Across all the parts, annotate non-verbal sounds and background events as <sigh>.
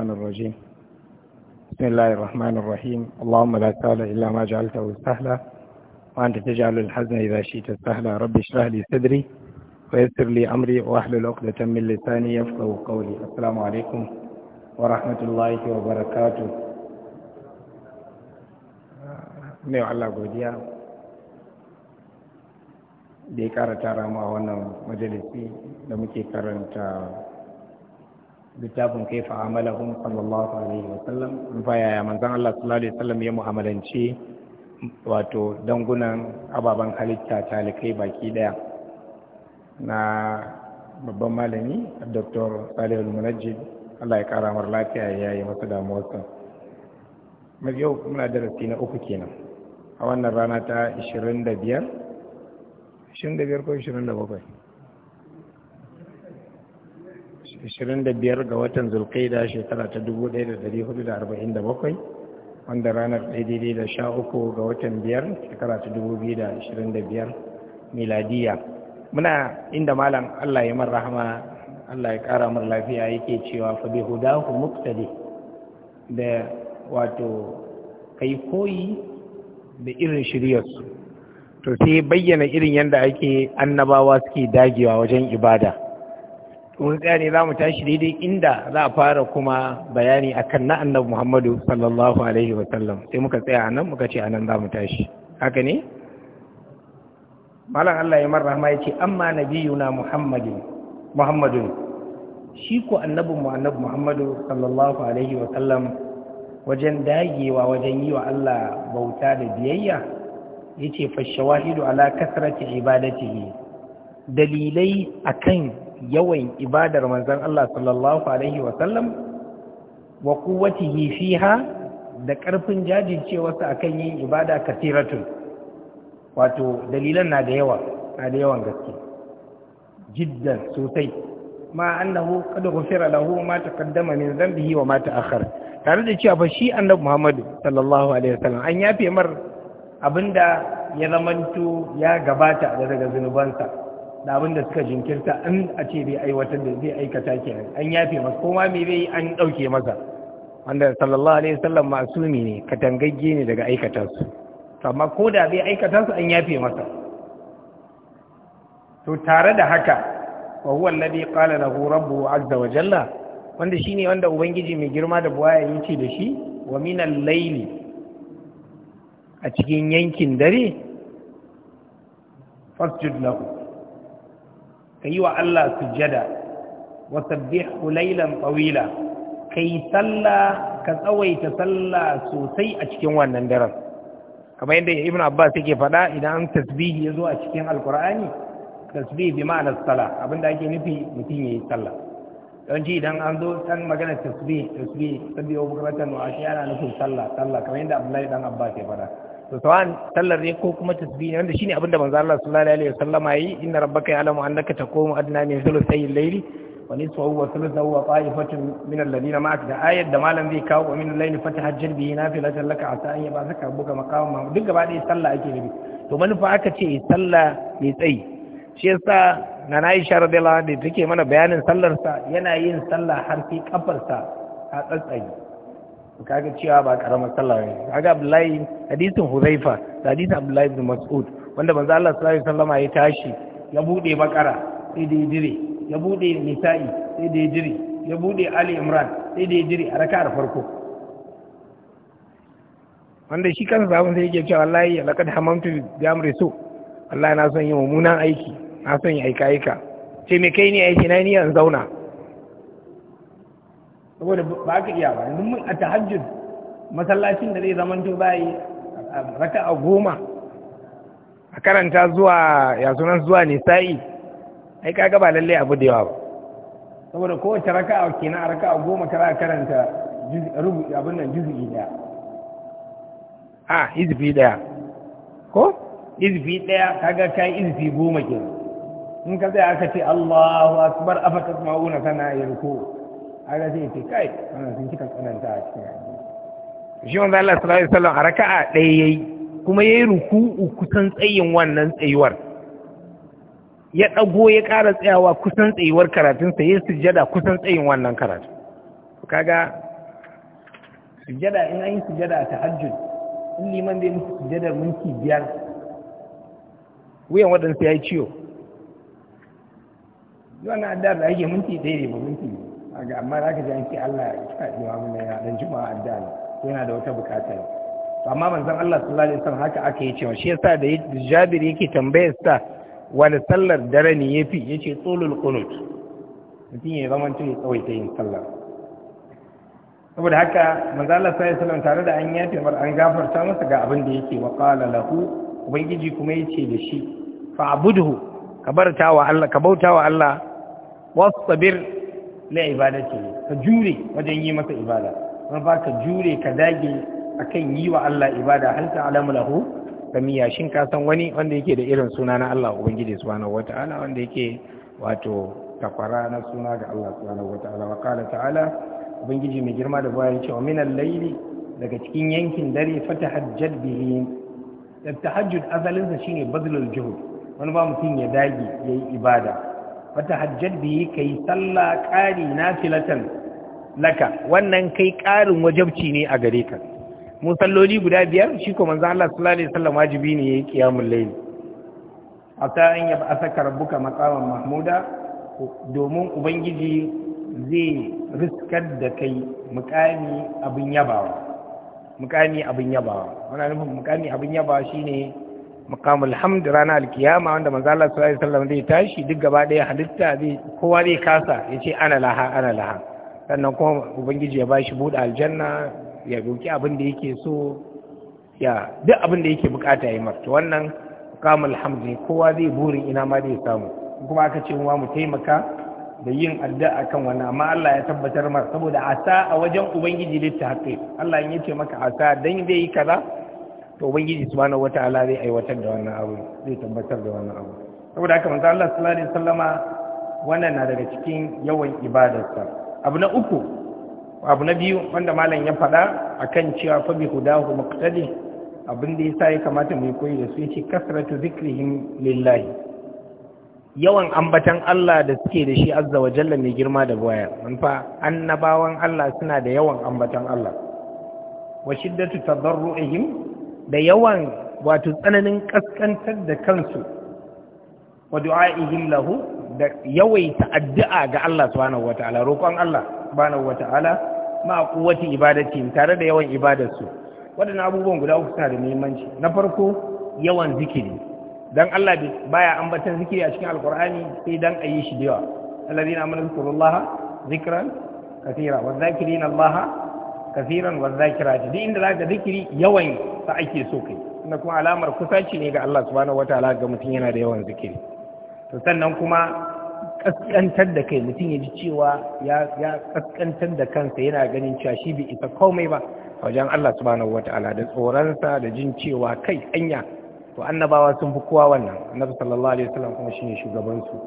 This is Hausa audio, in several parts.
الشيطان الرجيم بسم الله الرحمن الرحيم اللهم لا سهل إلا ما جعلته سهلا وأنت تجعل الحزن إذا شئت سهلا رب اشرح لي صدري ويسر لي أمري وأحلل عقدة من لساني يفقه قولي السلام عليكم ورحمة الله وبركاته mai على قوديا da ya kara مجلسي mu a littafin kai fa hun sallallahu alaihi wa sallam in ya yaya manzon Allah sallallahu alaihi wa sallam ya mu'amalanci wato dangunan ababen halitta talikai baki daya na babban malami Dr. salihu al-Munajjid Allah ya kara mar lafiya ya yi masa damuwarsa mai yau muna darasi na uku kenan a wannan rana ta 25 25 ko 27 25 ga watan zulkaida shekara ta 1447 wanda ranar daidai da sha uku ga watan biyar shekara ta 2025 miladiya muna inda malam Allah ya mar rahama Allah ya kara mar lafiya yake cewa fa bi hudahu muqtadi da wato kai koyi da irin shiryarsu to sai bayyana irin yadda ake annabawa suke dagewa wajen ibada mun gane za mu tashi daidai inda za a fara kuma bayani akan na annabi Muhammadu sallallahu alaihi wa sallam sai muka tsaya anan muka ce anan za mu tashi haka ne malam Allah ya marrama ya ce amma na Muhammadu Muhammadun shi ko annabin mu annabi Muhammadu sallallahu alaihi wa sallam wajen dagewa wajen yi wa Allah bauta da biyayya ya ce fa shawahidu ala kasrati ibadatihi dalilai akan yawan ibadar manzon Allah sallallahu alaihi wa sallam wa quwwatihi fiha da karfin jajircewarsa akan yin ibada kasiratu wato dalilan na da yawa na da yawan gaske jiddan sosai ma annahu kada gufira lahu ma taqaddama min dhanbihi wa ma ta'akhkhara tare da cewa fa shi annabi Muhammad sallallahu alaihi wa sallam an yafe mar abinda ya zamanto ya gabata daga zunubansa da abin da suka jinkirta an a ce bai aiwatar da zai aikata kenan an yafe masa kuma me bai an ɗauke masa wanda sallallahu alaihi wasallam masumi ne katangagge ne daga aikata su amma ko da bai aikata su an yafe masa to tare da haka wa huwa alladhi qala lahu rabbu azza wa jalla wanda shine wanda ubangiji mai girma da buwaya yace da shi wa min al-layli a cikin yankin dare fasjud lahu ka yi wa Allah sujjada wa sabbihu laylan tawila kai sallah ka tsawaita sallah sosai a cikin wannan daren kamar yadda Ibn Abbas yake faɗa idan an tasbihi ya zo a cikin Alkur'ani tasbih bi ma'anar sala abinda ake nufi mutum yayi sallah don ji idan an zo kan magana tasbihi-tasbihi sabbi wa bukratan wa ashiya ana nufin sallah sallah kamar yadda Abdullahi dan Abbas ya faɗa to sawan sallar ne ko kuma tasbih ne wanda shine abinda manzo Allah sallallahu alaihi wasallam yayi inna rabbaka ya'lamu annaka taqumu adna min thuluthay al-layli wa nisfahu wa thuluthahu wa ta'ifatun min alladhina ma'ak da ayat da malam zai kawo wa min al-layli fataha jalbi nafilatan laka asa an yabasaka rabbuka buka mahmud duk gaba ɗaya sallah ake bi? to manufa aka ce sallah mai tsayi shi yasa na Aisha radiyallahu anha da take mana bayanin sallar sa yana yin sallah har sai kafarsa a tsatsaye kaga cewa ba karamar sallah ne kaga Abdullahi hadisin Huzaifa da hadisin Abdullahi ibn Mas'ud wanda manzo Allah sallallahu alaihi wasallam ya tashi ya bude bakara sai da jire. ya bude nisa'i sai da jire. ya bude Ali Imran sai da jire. a raka'ar farko wanda shi kansa sabon sai yake cewa wallahi laqad hamamtu bi amri su Allah na son yi mummunan aiki na son yi aika aika ce me kai ne aiki na ni an zauna saboda ba ka iya ba yanzu mun a tahajjud masallacin da zai zamanto bayi um, raka a goma a karanta zuwa ya sunan zuwa nisa'i ai kaga ba lallai abu da yawa ba saboda kowace raka a kina a raka a goma kara karanta abin nan juzu'i daya a izifi daya ko izifi daya kaga kai izifi goma ke. in ka zai aka ce Allahu akbar afa tasma'una kana yarku kaga zai ce kai wannan sun cika tsananta a cikin addini shi wanda Allah sallallahu alaihi wasallam a raka'a ɗaya yayi kuma yayi ruku'u kusan tsayin wannan tsayuwar ya dago ya ƙara tsayawa kusan tsayuwar karatun sa yayi sujjada kusan tsayin wannan karatu kaga sujjada in an yi sujjada a tahajjud in liman bai musu sujjadar minti biyar wuyan waɗansu ya yi ciwo wannan addu'ar da ake minti ɗaya ne ba minti biyu amma za ka ji an ce Allah ya sa imamu na ya dan juma'a addu'a yana da wata bukata ne amma manzon Allah sallallahu alaihi wasallam haka aka yi cewa shi yasa da Jabir yake tambayar sa wani sallar dare ne yafi yace tsulul qunut mutum ya zama ya tsawaita yin sallar saboda haka manzon Allah sallallahu alaihi wasallam tare da an yafe mar an gafarta masa ga abin da yake wa qala lahu ubangiji kuma yace da shi fa'budhu ka barta wa Allah ka bauta wa Allah wasbir na ibadati ka jure wajen yi masa ibada kuma ba ka jure ka dage akan yi wa Allah ibada har hal ta'lamu lahu miya shin ka san wani wanda yake da irin suna na Allah ubangiji subhanahu wata'ala wanda yake wato takwara na suna ga Allah subhanahu wata'ala wa qala ta'ala ubangiji mai girma da bayan cewa min al-layli daga cikin yankin dare fata fatahajjad bihi tahajjud asalin sa shine bazlul juhud wani ba mutum ya dage yayi ibada wata hajjar yi ka yi sallah ƙari na filatan laka wannan kai ƙarin wajabci ne a gare ka musalloli guda biyar shi ko manzan Allah sallallahu alaihi wasallam wajibi ne yayi qiyamul layl ata an yaba asaka rabbuka maqaman mahmuda domin ubangiji zai riskar da kai mukami abin yabawa mukami abin yabawa wannan nufin mukami abin yabawa shine maqamul hamd rana alkiyama wanda manzo Allah sallallahu alaihi wasallam zai tashi duk gaba daya halitta zai kowa zai kasa yace ana laha ana laha sannan kuma ubangiji ya bashi buɗe aljanna ya goki abin da yake so ya duk abin da yake bukata ya yi to wannan maqamul hamd ne kowa zai burin ina ma zai samu kuma aka ce mu taimaka da yin addu'a kan wannan amma Allah ya tabbatar masa saboda asa a wajen ubangiji littafi Allah ya ce maka asa dan zai yi kaza to ubangiji subhanahu wataala zai aiwatar da wannan abu zai tabbatar da wannan abu saboda haka manzo Allah sallallahu alaihi wasallama wannan na daga cikin yawan ibadarsa abu na uku abu na biyu wanda malam ya faɗa akan cewa fa bi hudahu muqtadi abin da yasa ya kamata mu yi koyi da su yace kasratu zikrihim lillahi yawan ambatan Allah da suke da shi azza wa jalla mai girma da waya mun fa annabawan Allah suna da yawan ambatan Allah wa shiddatu tadarru'ihim da yawan wato tsananin kaskantar da kansu wa du'a'ihim lahu da yawaita addu'a ga Allah subhanahu wata'ala roƙon Allah subhanahu wata'ala ma kuwati ibadati tare da yawan ibadarsu waɗannan abubuwan guda uku suna da muhimmanci na farko yawan zikiri dan Allah baya ambatan zikiri a cikin alqur'ani sai dan ayi shi da yawa alladhina amanu zikrullaha zikran katira wa dhakirina allaha kafiran wa ta duk inda zaka zikiri yawan sa ake so kai inda kuma alamar kusanci ne ga Allah subhanahu wataala ga mutum yana da yawan zikiri to sannan kuma kaskantar da kai mutum ya ji cewa ya kaskantar da kansa yana ganin cewa shi bai isa komai ba a wajen Allah subhanahu wataala da tsoransa da jin cewa kai anya to annabawa sun fi kowa wannan annabi sallallahu alaihi wasallam kuma shine shugaban su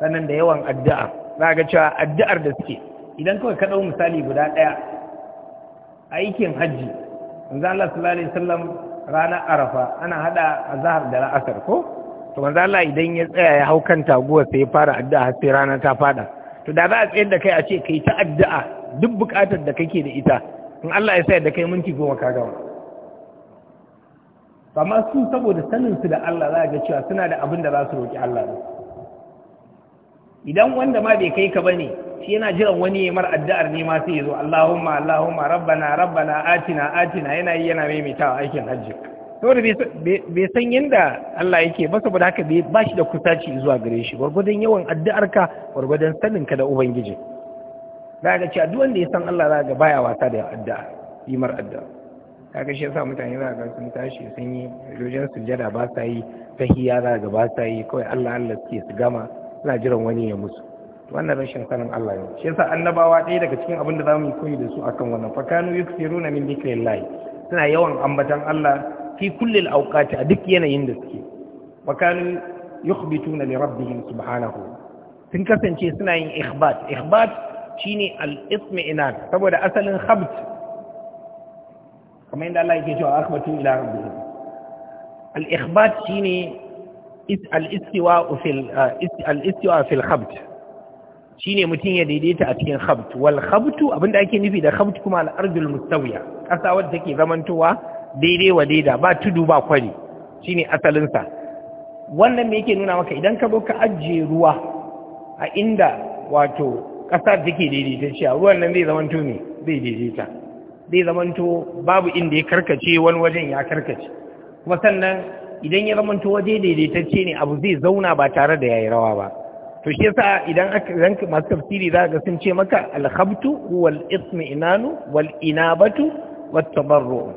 sannan da yawan addu'a za ga cewa addu'ar da suke idan kawai ka dau misali guda daya aikin hajji manzo Allah sallallahu alaihi wasallam ranar arafa ana hada azhar da la'asar ko to manzo Allah idan ya tsaya ya hau kan taguwa sai ya fara addu'a sai rana ta fada to da za a tsayar da kai a ce kai ta addu'a duk bukatar da kake da ita in Allah ya sa da kai minti goma ka gama amma su saboda sanin su da Allah za ga cewa suna da abin da za su roki Allah ne idan wanda ma bai kai ka ba ne shi yana jiran wani ya mar addu'ar ne ma sai ya zo Allahumma Allahumma rabbana rabbana atina atina yana yi yana a aikin hajji saboda bai san yadda Allah yake ba saboda haka bai ba shi da kusaci zuwa gare shi gwargwadon yawan addu'arka gwargwadon ka da ubangiji za ga cewa duk wanda ya san Allah za ga baya wasa da addu'a yi mar addu'a kaga shi yasa mutane za ga sun tashi sun yi rujin sujada ba sa yi tahiyya za ga ba sa yi kawai Allah Allah suke su gama suna jiran wani ya musu wannan rashin sanin Allah ne shi yasa annabawa ɗaya daga cikin abin da za mu yi koyi da su akan wannan fakanu yuksiruna min dhikrillah suna yawan ambatan Allah fi kulli al-awqati a duk yanayin da suke fakanu yukhbituna li rabbihim subhanahu sun kasance suna yin ikhbat ikhbat shine al-itmi'nan saboda asalin khabt kamar yadda Allah yake cewa akhbatu ila rabbihim al-ikhbat shine Al'istiwa fil uh, shine mutum ya daidaita a cikin khabt wal khabtu abinda ake nufi da khabt kuma al-ardul mustawiya kasa wadda take zamantowa daidai wa daida ba tudu ba kwari shine asalinsa, wannan me yake nuna maka idan ka zo ka ajiye ruwa a inda wato kasar take daidaita shi ruwan nan zai zamanto ne zai daidaita zai zamanto babu inda ya karkace wani wajen ya karkace kuma sannan idan ya zamanto waje daidaitacce ne abu zai zauna ba tare da yayi rawa ba to shi yasa idan aka masu tafsiri za ga sun ce maka alhabtu wal ismi'nanu wal inabatu wat tabarru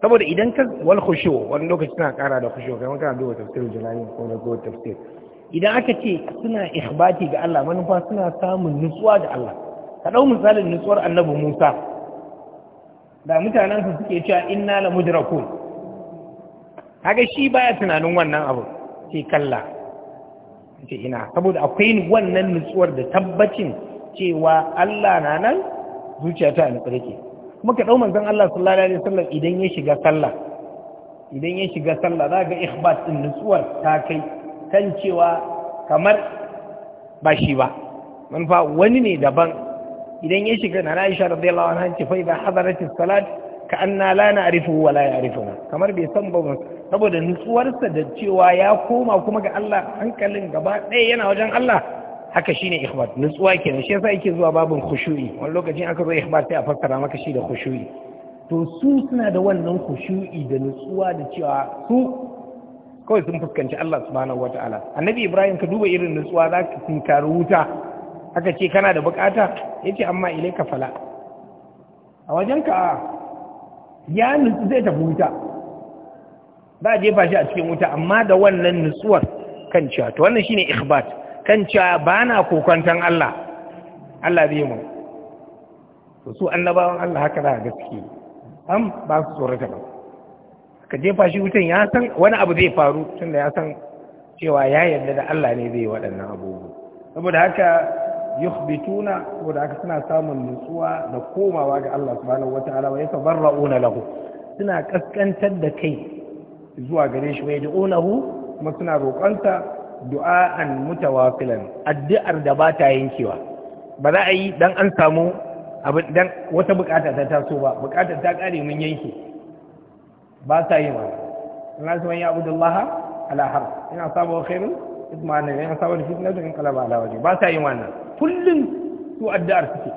saboda idan ka wal khushu wani lokaci suna kara da khushu kai maka duba tafsirin jalani ko na go tafsir idan aka ce suna ikhbati ga Allah manufa suna samun nutsuwa ga Allah ka dau misalin nutsuwar annabi Musa da mutanen su suke cewa inna la mudrakun kaga shi baya tunanin wannan abu sai kalla ce ina saboda akwai wannan nutsuwar da tabbacin cewa Allah na nan zuciya ta alƙarƙe kuma ka ɗau manzon Allah sallallahu alaihi wasallam idan ya shiga sallah idan ya shiga sallah za ga ikhbat din nutsuwar ta kai kan cewa kamar ba shi ba manufa wani ne daban idan ya shiga na Aisha radiyallahu anha ce fa idan hadaratis salat ka anna la na'rifu wa la ya'rifuna kamar bai san ba saboda nutsuwarsa da cewa ya koma kuma ga Allah hankalin gaba ɗaya yana wajen Allah haka shine ikhbat nutsuwa kenan shi yasa yake zuwa babin khushu'i wani lokacin aka zo ikhbat sai a fassara maka shi da khushu'i to su suna da wannan khushu'i da nutsuwa da cewa su kawai sun fuskanci Allah subhanahu wataala annabi Ibrahim ka duba irin nutsuwa za ka tunkari wuta aka ce kana da bukata yace amma ka fala a ka ya nutsu zai tafi wuta ba jefa shi a cikin wuta amma da wannan nutsuwar kan cewa to wannan shine ikhbat kan cewa ba na kokantan Allah Allah zai mu to su annabawan Allah haka za ga am ba su tsorata ba ka jefa shi wutan ya san wani abu zai faru tunda ya san cewa ya yarda da Allah ne zai waɗannan abubuwa saboda haka yukhbituna saboda haka suna samun nutsuwa da komawa ga Allah subhanahu wataala wa yatabarrauna lahu suna kaskantar da kai zuwa gare shi wai du'unahu kuma suna roƙonsa du'a'an mutawafilan addu'ar da ba ta yankewa ba za a yi dan an samu abin dan wata bukata ta taso ba bukata ta kare mun yanke ba sa yi ba ina so ya abudullah ala har ina sabo khairun idmana ina sabo fitna da kalaba ala waje ba sa yi wannan kullun su addu'ar suke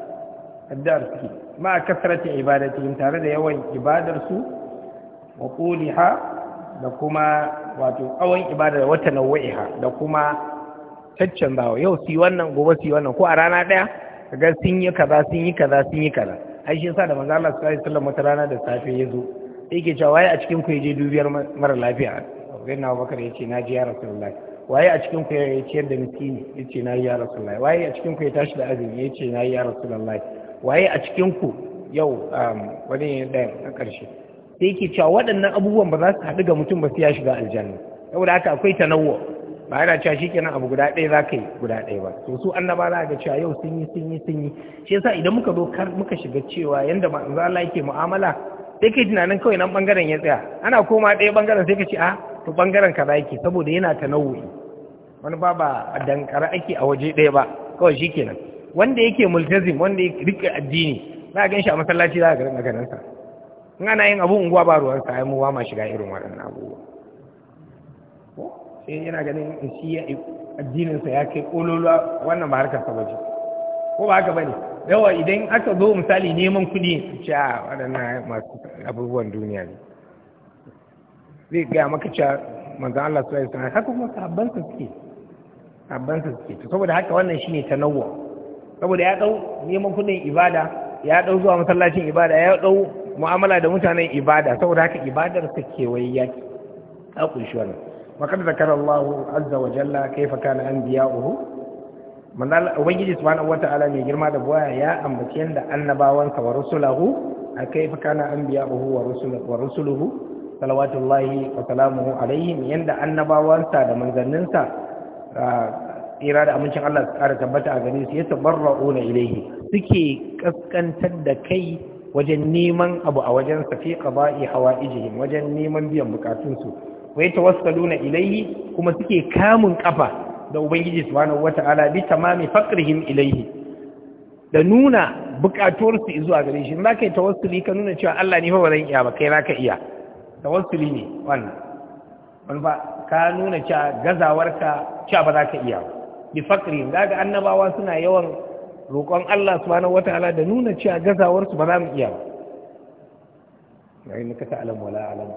addu'ar suke ma kasrati ibadatihim tare da yawan ibadar su wa quliha da kuma wato tsawon ibada da wata ha, da kuma bawa. yau su yi wannan gobe su yi wannan ko a rana ɗaya ga sun yi kaza sun yi kaza sun yi kaza ai shi yasa da manzo Allah sallallahu alaihi wasallam wata rana da safe ya zo yake cewa waye a cikin ku je dubiyar mara lafiya Bakar Abubakar yace na ji ya Rasulullahi waye a cikin ku ya ciyar da miskini yace na ji ya Rasulullahi waye a cikin ku ya tashi da azumi yace na ji ya Rasulullahi waye a cikin ku yau um, wani ɗaya a ƙarshe sai yake cewa waɗannan abubuwan ba za su haɗu ga mutum ba sai ya shiga aljanna saboda haka akwai tanawwa ba yana cewa shi kenan abu guda ɗaya za ka yi guda ɗaya ba to su annaba za ga cewa yau sun yi sun yi sun yi shi yasa idan muka zo kar muka shiga cewa yanda za Allah yake mu'amala sai kai tunanin kawai nan bangaren ya tsaya ana koma ɗaya bangaren sai ka ce a ah, to bangaren za yake saboda yana tanawwi wani ba ba dankara ake a waje ɗaya ba kawai kenan wanda yake multazim wanda ya rike addini za a gan shi a masallaci za a ga ganin sa in na yin abu unguwa ba ruwan sa mu ba ma shiga irin waɗannan abubuwa sai yana ganin in shi addinin sa ya kai kololuwa wannan ba harkar sa bace ko ba haka bane yawa idan aka zo misali neman kuɗi ce a ah, waɗannan masu abubuwan duniya ne zai gaya maka cewa manzon Allah sallallahu alaihi wasallam haka kuma sabban sa suke sabban sa suke to saboda haka wannan shine tanawwu saboda ya dau neman kuɗin ibada ya dau zuwa masallacin ibada ya dau mu'amala da mutanen ibada saboda haka ibadar ta kewaye yaki a kunshi wannan makar da kara Allah azza wa jalla kai, faka kaifa kana anbiya'uhu manal ubangiji wata wata'ala mai girma da boya ya ambaci yadda annabawan wa rusulahu a kai, faka na an biya uhu, wa rusuluhu salawatullahi wa salamuhu alaihim yadda annabawansa da manzanninsa, tsira da amincin Allah su kara tabbata a gani su ya tabarra'una ilaihi suke kaskantar da kai wajen neman abu a wajen sa fi qada'i hawaijihim wajen neman biyan bukatunsu wa yatawassaluna ilayhi kuma suke kamun kafa da ubangiji subhanahu wata'ala bi tamami faqrihim ilayhi da nuna bukatuwarsu zuwa gare shi in zaka yi tawassuli ka nuna cewa Allah ne fa ba zan iya ba kai zaka iya tawassuli ne wannan wani ba ka nuna cewa gazawarka cewa ba za ka iya ba bi faqrihim daga annabawa suna yawan roƙon Allah subhanahu wataala da nuna cewa gazawarsu ba za mu iya ba yayin ka alam wala alam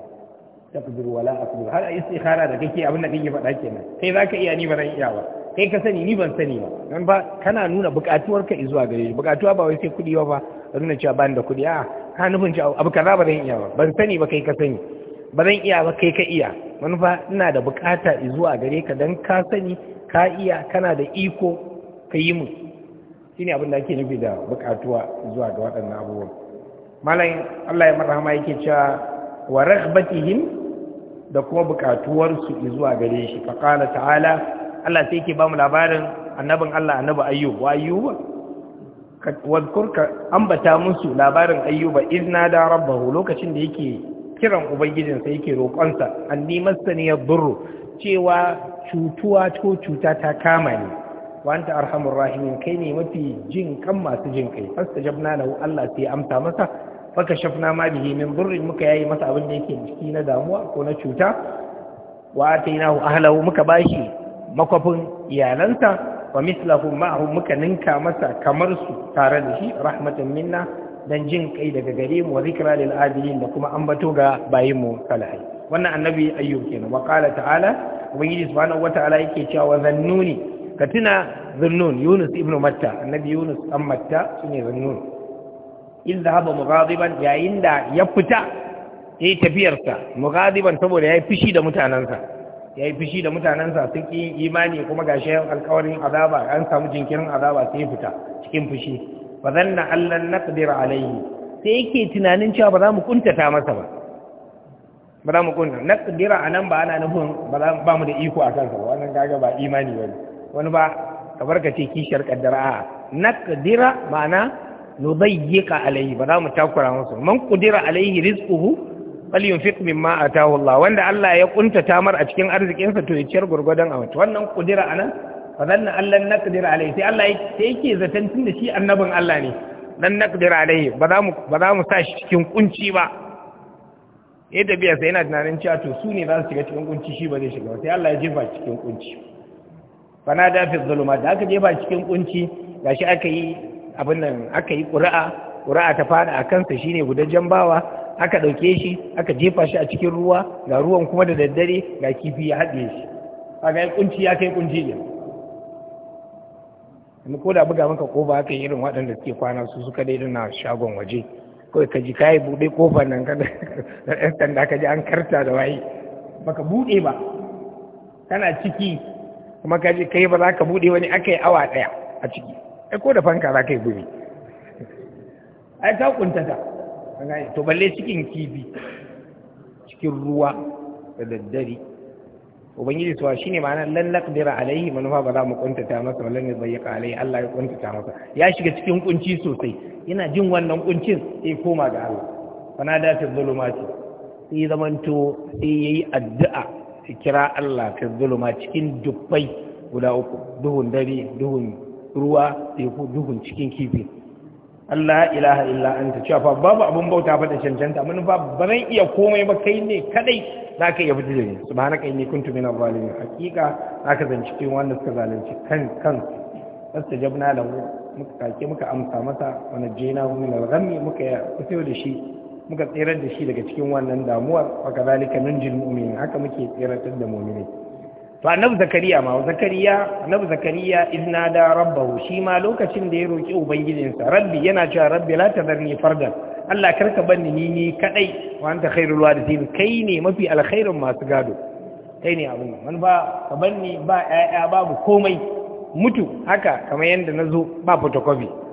taqdir wala aqdir har istikhara da kake abin da kake faɗa kenan kai zaka iya ni ba zan iya ba kai ka sani ni ban sani ba dan ba kana nuna ka zuwa gare shi buƙatuwa ba wai sai kuɗi ba ba nuna cewa ban da kuɗi a ka nufin cewa abu kaza ba zan iya ba ban sani ba kai ka sani ba zan iya ba kai ka iya manufa ina da buƙata zuwa gare ka dan ka sani ka iya kana da iko ka yi mu shine abin da ake nufi da bukatuwa zuwa ga waɗannan abubuwan malam Allah ya marhama yake cewa wa rahbatihim da kuma bukatuwarsu zuwa gare shi fa qala ta'ala Allah sai yake ba labarin annabin Allah annabi ayyub wa ayyub wadkur ka ambata musu labarin ayyuba izna da rabbahu lokacin da yake kiran ubangijinsa yake roƙonsa anni masani yadurru cewa cutuwa ko cuta ta kama ne. Wanta anta rahimin kai ne mafi jin kan masu jin kai fastajabna lahu Allah sai amsa masa faka shafna ma bihi min burrin muka yayi masa abin da yake ciki na damuwa ko na cuta wa atainahu ahlahu muka bashi makwafin iyalansa wa mislahu ma'ahum muka ninka masa kamar su tare da shi rahmatan minna dan jin kai daga gare mu wa zikra lil adilin da kuma an bato ga bayinmu mu wannan annabi ayyub kenan wa qala ta'ala ubangiji subhanahu wata'ala yake cewa wajen nuni. ka tuna zunnun yunus ibn matta annabi yunus an matta su ne zunnun in zahaba mugaziban yayin da ya fita ya yi tafiyarsa mugaziban saboda ya yi fishi da mutanansa yi fishi da mutanansa sun ki imani kuma yan alƙawarin azaba an samu jinkirin azaba sai fita cikin fushi ba na zanna allan naqdir alayyi sai yake tunanin cewa ba za mu kuntata masa ba ba za mu kunta na kira a nan ba ana nufin ba mu da iko a kansa ba wannan gaga ba imani ba ne wani ba kamar ka ce kishiyar kaddara a naqdira ma'ana nudayyika alayhi ba za mu takura musu man qudira alayhi rizquhu yunfiq mimma atahu Allah wanda Allah ya kunta tamar a cikin arzikinsa to ya ciyar gurgudan a wata wannan kudira anan fa zanna Allah naqdira alayhi sai Allah sai yake zaton tunda shi annabin Allah ne dan naqdira alayhi ba za mu ba za mu sa shi cikin kunci ba ya biya sai yana tunanin cewa to su ne za su shiga cikin kunci shi ba zai shiga sai Allah ya jefa cikin kunci fana da fi zuluma da aka jefa cikin kunci shi aka yi abin nan aka yi ƙura'a ƙura'a ta fada a kansa shine guda jambawa aka ɗauke shi aka jefa shi a cikin ruwa ga ruwan kuma da daddare ga kifi ya haɗe shi kaga ya kunci ya kai kunci ne ko da buga maka kofa aka yi irin waɗanda suke kwana su suka dai na shagon waje kawai ka ji kayi buɗe kofar nan kada <laughs> ɗan sanda ka ji an karta da waye baka buɗe ba kana ciki kuma ka je kai ba za ka buɗe wani aka yi awa ɗaya a ciki ai ko da fanka za ka yi gumi ai ka ta to balle cikin kifi cikin ruwa da daddare ubangiji suwa shine ma'ana lan naqdira alaihi manufa ba za mu ta masa wallan ya bayyaka alaihi Allah ya ta masa ya shiga cikin kunci sosai yana jin wannan kuncin sai koma ga Allah fana da ta zulumati sai zamanto sai yayi addu'a su kira Allah fi zuluma cikin dubbai guda uku duhun dare duhun ruwa teku duhun cikin kifi Allah ilaha illa anta cewa fa babu abun bauta fa da cancanta mun fa ba iya komai ba kai ne kadai zaka iya fitar da ni subhanaka inni kuntu minaz zalimin hakika zaka zanci cikin wanda suka zalunci kan kan fastajabna lahu muka kake muka amsa masa wa najjaynahu min al-ghammi muka kusayo da shi muka tserar da shi daga cikin wannan damuwar wa kazalika nunjil mu'minin haka muke tsiratar da mu'minai to annabi zakariya ma zakariya annabi zakariya idna da rabbahu shi ma lokacin da ya roki ubangijinsa rabbi yana cewa rabbi la tadarni fardan Allah karka banni ni ni kadai wa anta khairul warithin kai ne mafi alkhairin masu gado kai ne abun man ba ka banni ba ƴaƴa babu komai mutu haka kamar yanda nazo ba photocopy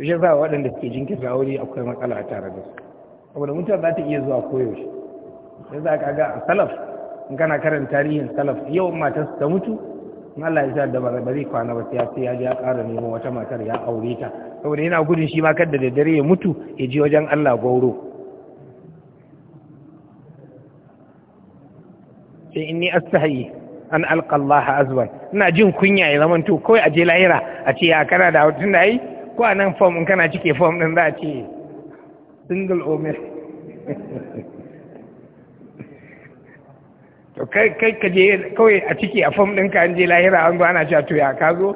ashe sa waɗanda suke jinkirta aure akwai matsala a tare da su saboda mutum za ta iya zuwa koyaushe sai za ka ga a salaf in kana karanta tarihin salaf yau matar ta mutu in Allah ya sa da ba zai kwana ba sai sai ya ji ya ƙara nemo wata matar ya aure ta saboda yana gudun shi ma kadda da dare ya mutu ya ji wajen Allah gauro sai inni astahi an alqa Allah ina jin kunya ya zamanto kawai a je lahira a ce ya kana da hutun da yi ko nan fom in kana cike fom ɗin za a ce single omer to kai ka je kawai a cike a fom ɗinka an je lahira an zo ana cewa to ya ka zo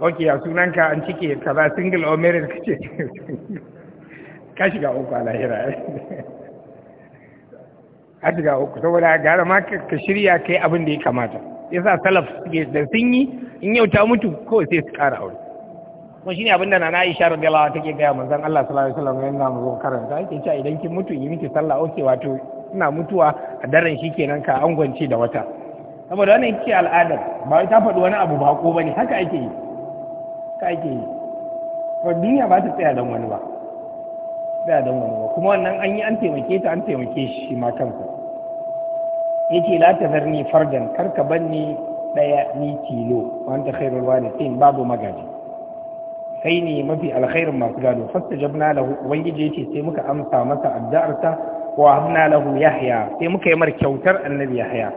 ok ya ka an cike kaza single omer ka ce ka shiga uku a lahira a shiga uku saboda gara ma ka shirya kai abin da ya kamata yasa salaf suke da sun yi in yau ta mutu kawai sai su kara aure kuma shine abinda na na Aisha radiyallahu ta take gaya manzon Allah sallallahu alaihi wasallam yana mu karanta yake cewa idan kin mutu yi miki sallah oke wato ina mutuwa a daren shi kenan ka angwance da wata saboda wannan yake al'adar ba ta faɗi wani abu ba ko bane haka ake yi haka ake yi ko duniya ba ta tsaya dan wani ba tsaya dan wani ba kuma wannan an yi an taimake ta an taimake shi ma kansa yake la zarni fardan karka banni daya ni tilo wanda khairul walidain babu magaji kai ne mafi alkhairin masu gado fasta jabna lahu ubangiji ce sai muka amsa masa addu'arsa wa habna lahu yahya sai muka yi mar kyautar annabi yahya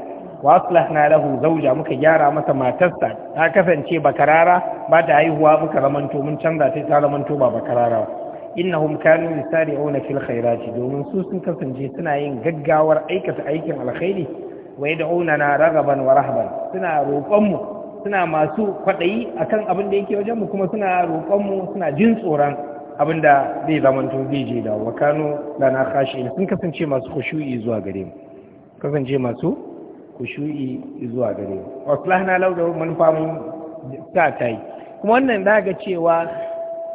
wa aslahna lahu zauja muka gyara masa matarsa ta kasance bakarara ba ta haihuwa muka zamanto mun canza ta ta zamanto ba bakarara innahum kanu yusari'una fil khairati domin su sun kasance suna yin gaggawar aikata aikin alkhairi wa yad'una na ragaban wa rahban suna roƙon mu suna masu kwaɗayi a kan abin da yake wajenmu kuma suna roƙonmu suna jin tsoron abin da zai zamanto zai je da wa kano da na kashi sun kasance masu kushu'i zuwa gare mu kasance masu kushu'i zuwa gare mu wasu lahana lau manufa mun ta ta yi kuma wannan za ga cewa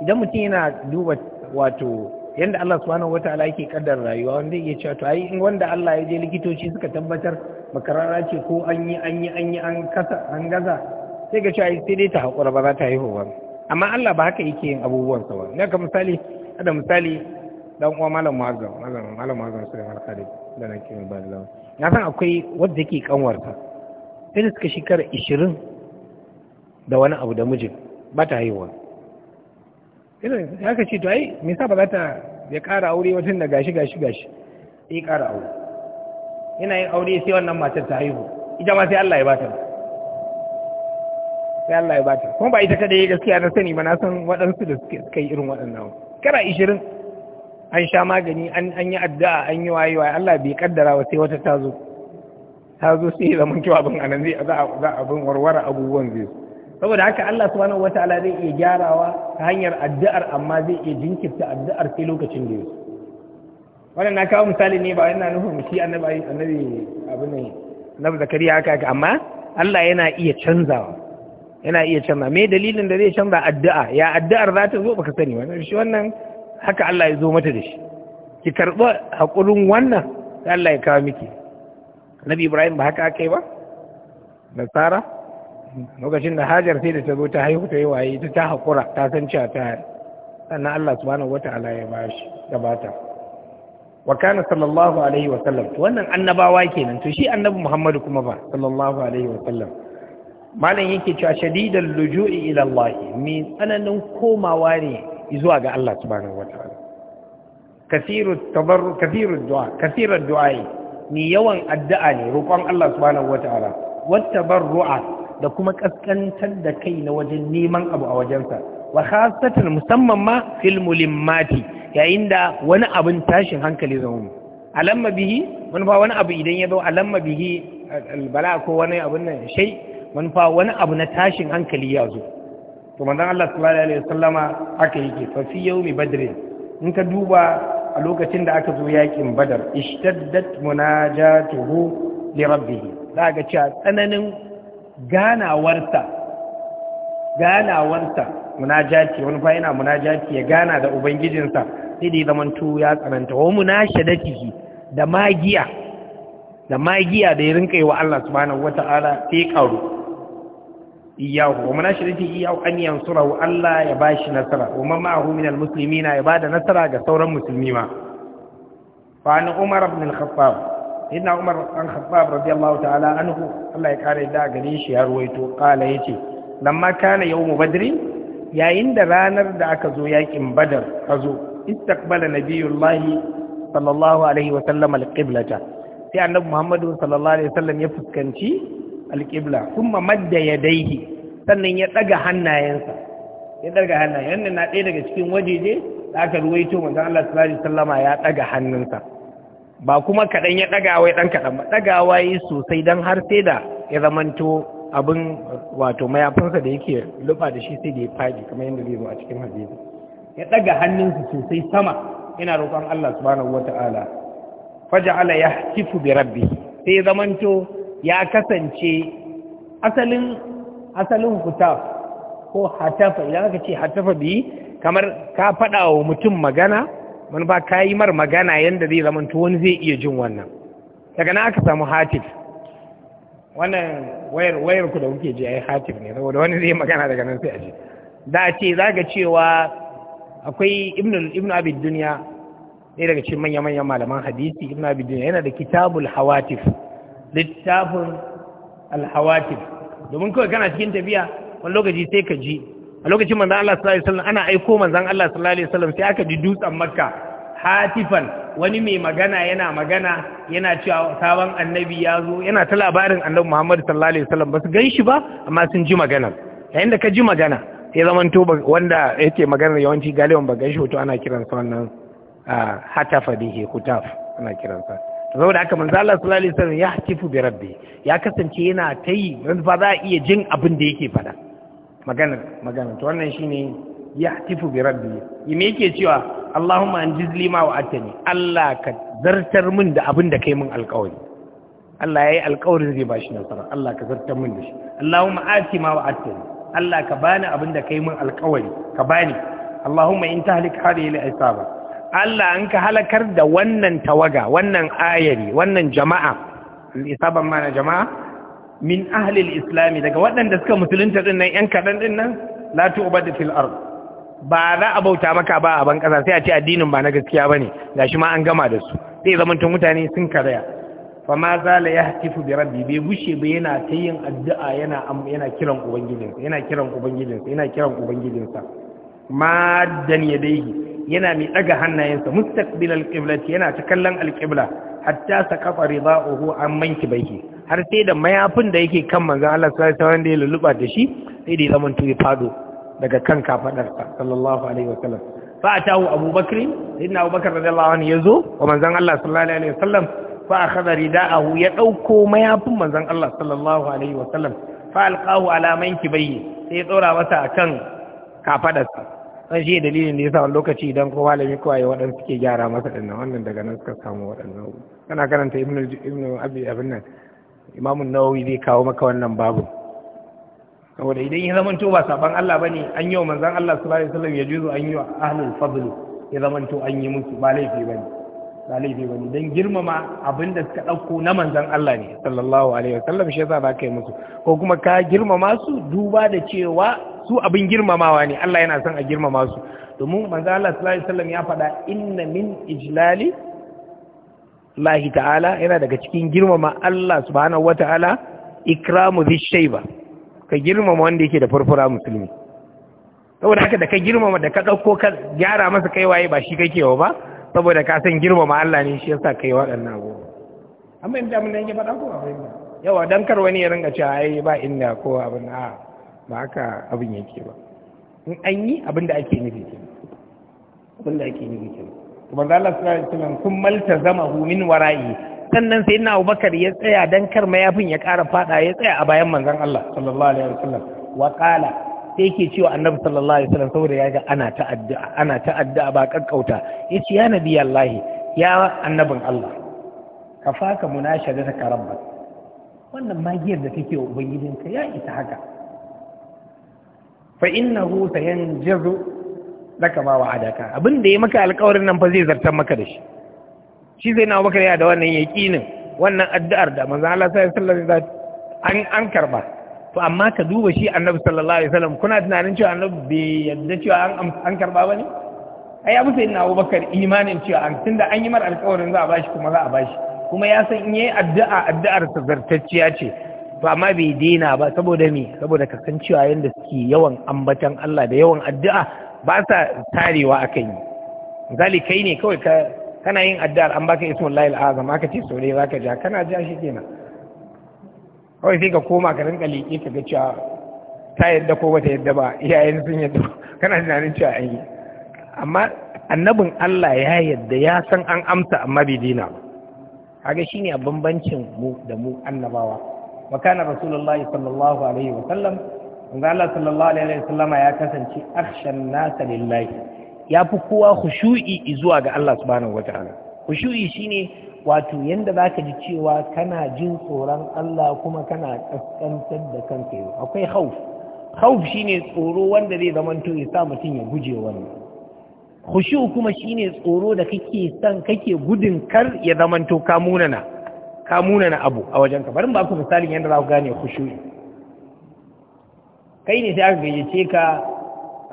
idan mutum yana duba wato yadda Allah subhanahu ala yake kaddar rayuwa wanda ya ce to ai in wanda Allah ya je likitoci suka tabbatar bakarara ce ko an yi an yi an yi an kasa an gaza sai ga cewa sai dai ta haƙura ba za ta haihu ba amma Allah ba haka yake yin abubuwan sa ba ne ka misali da misali dan uwa malam muazzam malam malam muazzam sai har kare da nake mai ba da na san akwai wanda yake kanwarta sai da suka shekara 20 da wani abu da mijin ba ta haihuwa irin haka ce to ai me yasa ba za ta ya ƙara aure wajen da gashi gashi gashi sai ƙara aure yana yin aure sai wannan matar ta haihu ita ma sai Allah ya bata sai Allah ya bata kuma ba ita kadai gaskiya na sani ba na san waɗansu da suka yi irin waɗannan kara ishirin an sha magani an yi addu'a an yi wayewa Allah bai kaddara wa sai wata ta zo ta zo sai zaman kyau abin anan zai za a abin warware abubuwan zai saboda haka Allah subhanahu wataala zai iya gyarawa ta hanyar addu'ar amma zai iya jinkirta addu'ar sai lokacin da zo wannan na kawo misali ne ba na nufin shi annabi annabi abin ne na zakariya haka haka amma Allah yana iya canzawa yana iya canza me dalilin da zai canza addu'a ya addu'ar za ta zo baka sani wannan shi wannan haka Allah ya zo mata da shi ki karba hakurin wannan sai Allah ya kawo miki Nabi Ibrahim ba haka aka yi ba Nasara lokacin da Hajar sai da ta zo ta haihu ta yi waye ta ta haƙura ta san cewa ta sannan Allah subhanahu wata'ala ya bashi bata. wa kana sallallahu alaihi wa sallam to wannan annabawa kenan to shi annabi Muhammadu kuma ba sallallahu alaihi wa sallam malam yake cewa shadidal luju'i ila Allah min tsananin komawa ne zuwa ga Allah subhanahu wataala kasiru tabarru kasiru du'a kasiru du'ai ni yawan addu'a ne roƙon Allah subhanahu wataala wattabarru'a da kuma kaskantar da kai na wajen neman abu a wajensa wa khassatan musamman ma fil mulimmati yayin da wani abin tashin hankali zama mu alamma bihi manufa wani abu idan ya zo alamma bihi albala ko wani abin nan shai manufa wani abu na tashin hankali ya zo to manzon Allah sallallahu alaihi wasallama aka yi fa fi yawmi badr in ka duba a lokacin da aka zo yakin badar ishtaddat munajatuhu li rabbih za ga cewa tsananin ganawarsa ganawarsa munajati wani fa yana munajati ya gana da ubangijinsa sai da zamanto ya tsananta wa munashadatihi da magiya da magiya da ya rinka yi wa Allah subhanahu wata'ala sai karu iyahu wa munashadatihi iyahu an yansurahu Allah ya bashi nasara wa man ma'ahu min almuslimina ya bada nasara ga sauran musulmi ma fa an Umar ibn al-Khattab inna Umar ibn al-Khattab radiyallahu ta'ala anhu Allah ya kare da gare shi ya ruwaito kala yace lamma kana yawmu badrin yayin da ranar da aka zo yakin badar ka zo istakbala nabiyullahi sallallahu alaihi wa sallam alqiblata sai annabi muhammadu sallallahu alaihi wa sallam ya fuskanci alqibla kuma madda yadaihi sannan ya daga hannayensa ya daga hannayen nan na ɗaya daga cikin wajeje da aka ruwaito manzo Allah sallallahu alaihi wa sallama ya daga hannunsa ba kuma kadan ya daga wai dan kadan ba dagawa yi sosai dan har sai da ya zamanto abin wato mayafinsa da yake lufa da shi sai da ya faɗi kamar yadda zai zo a cikin hadisi ya ɗaga hannunsa sosai sama yana roƙon Allah subhanahu wata'ala faja'ala kifu bi rabbi sai zamanto ya kasance asalin asalin kuta ko hatafa idan aka ce hatafa bi kamar ka faɗa wa mutum magana manufa ka yi mar magana yadda zai zamanto wani zai iya jin wannan daga na aka samu hatif wannan wayar wayar ku da kuke ji ai hatif ne saboda wani zai magana daga nan sai a ji da a ce zaka cewa akwai ibnu ibnu abi dunya ne daga cikin manya manyan malaman hadisi ibnu abi dunya yana da kitabul hawatif littafin al hawatif domin kawai kana cikin tafiya wani lokaci sai ka ji a lokacin manzon Allah sallallahu alaihi wasallam ana aiko manzon Allah sallallahu alaihi wasallam sai aka ji dutsen makka hatifan wani mai magana yana magana yana cewa sabon annabi ya zo yana ta labarin annabi Muhammad sallallahu alaihi wasallam ba su gan shi ba amma sun ji magana yayin da ka ji magana sai zaman to wanda yake magana yawanci galiban ba gan shi hoto ana kiransa wannan hatafa bihi hutaf ana kiransa to saboda haka manzo Allah sallallahu alaihi wasallam ya hatifu bi rabbi ya kasance yana tayi ba za a iya jin abin da yake faɗa magana magana to wannan shine ya hatifu bi rabbi me yake cewa Allahumma an jizli ma wa'adtani. Allah ka zartar min da abin da kai min alƙawari Allah ya yi alƙawarin zai bashi nasara Allah ka zartar min da shi Allahumma ati ma wa'adtani. Allah ka bani abin da kai min alƙawari ka bani Allahumma in tahlik hadhihi al-isaba Allah an ka halakar da wannan tawaga wannan ayari wannan jama'a al-isaban mana jama'a min ahlil islami daga waɗanda suka musulunta ɗin nan ‘yan kaɗan ɗin nan la tu'ubadu fil ard ba za a bauta maka ba a ban ƙasa sai a ce addinin ba na gaskiya ba ne ga shi ma an gama da su sai zamantun mutane sun karaya fa ma za la ya hatifu bi rabbi bai gushe ba yana ta yin addu'a yana kiran ubangijinsa yana kiran ubangijinsa yana kiran ubangijinsa ma dan yadayhi yana mai daga hannayensa mustaqbil alqiblati yana ta kallon alqibla hatta saqafa ridahu an manki har sai da mayafin da yake kan manzon Allah sallallahu alaihi wasallam da ya lulluɓa da shi sai da ya zamanto ya fado daga kan kafadarsa sallallahu alaihi wasallam fa atahu abubakar inna abubakar radiyallahu anhu yazo wa manzon Allah sallallahu alaihi wasallam fa akhadha rida'ahu ya dauko mayafin manzon Allah sallallahu alaihi wasallam fa alqahu ala mankibayhi sai ya tsora masa akan kafadarsa dan shi dalilin da yasa wani lokaci idan ko malami ko ayi waɗanda suke gyara masa din wannan daga nan suka samu waɗannan kana karanta ibnu ibnu abi abin nan imamu nawawi zai kawo maka wannan babu saboda idan ya zamanto ba saban Allah bane an yi wa manzon Allah sallallahu alaihi wasallam ya juzu an yi wa ahlul fadl ya zamanto an yi musu ba laifi bane ba laifi bane dan girmama abin da suka dauko na manzon Allah ne sallallahu alaihi wasallam shi yasa zaka yi musu ko kuma ka girmama su duba da cewa su abin girmamawa ne Allah yana son a girmama su domin manzon Allah sallallahu alaihi wasallam ya faɗa inna min ijlali Allah ta'ala yana daga cikin girmama Allah subhanahu wa ta'ala ikramu dhishayba ka girmama wanda yake da furfura musulmi saboda haka da ka girmama da ka ɗauko ka gyara masa kai waye ba shi kake wa ba saboda ka san girmama Allah ne shi yasa kai waɗannan abubuwa amma in da mun yake faɗa ko abin da yawa dan kar wani ya ringa cewa ai ba inda ko abin a ba haka abin yake ba in an yi abin da ake nufi ke abin da ake nufi ke kuma Allah sallallahu ya ce kun malta zama hu min wara'i sannan sai na abubakar ya tsaya don kar mayafin ya ƙara fada ya tsaya a bayan manzan Allah sallallahu alaihi wasallam wa qala sai ke cewa annabi sallallahu alaihi wasallam saboda ya ga ana ta addu'a ana ta addu'a ba kakkauta yace ya nabi Allah ya annabin Allah ka faka munashadata ta rabbak wannan magiyar da kake wa ubangijinka ya isa haka fa innahu sayanjazu laka ma wa'adaka abin da ya maka alƙawarin nan fa zai zartar maka da shi shi zai na bakar ya da wannan yaƙinin wannan addu'ar da manzo Allah sallallahu alaihi wasallam an an karba to amma ka duba shi annabi sallallahu alaihi wasallam kuna tunanin cewa annabi bai yadda cewa an an karba bane ai abu sai na bakar imanin cewa an tunda an yi mar alƙawarin za a bashi kuma za a bashi kuma ya san in yayi addu'a addu'ar sa zartacciya ce to amma bai daina ba saboda me saboda ka san cewa yanda suke yawan ambatan Allah da yawan addu'a ba sa tarewa akan yi misali kai ne kawai ka kana yin addu'ar an baka ismul lahil azam aka ce sore zaka ja kana ja shi kenan kawai sai ka koma ka rinka liƙe ka ga cewa ta yadda ko bata yadda ba iyayen sun yadda kana tunanin cewa an yi amma annabin Allah ya yadda ya san an amsa amma bai dina ba kaga shine a bambancin mu da mu annabawa wa kana rasulullahi sallallahu alaihi wa sallam Allah sallallahu alaihi wa sallama ya kasance akhshan nasa lillahi ya fi kowa khushu'i zuwa ga Allah subhanahu wata'ala khushu'i shine wato yanda zaka ji cewa kana jin tsoron Allah kuma kana ƙasƙantar da kanka yau akwai khauf khauf shine tsoro wanda zai zamanto ya sa mutum ya guje wani khushu kuma shine tsoro da kake san kake gudun kar ya zamanto ka munana ka munana abu a wajenka bari ba ku misalin yanda za ku gane khushu'i kai ne sai aka gayyace ka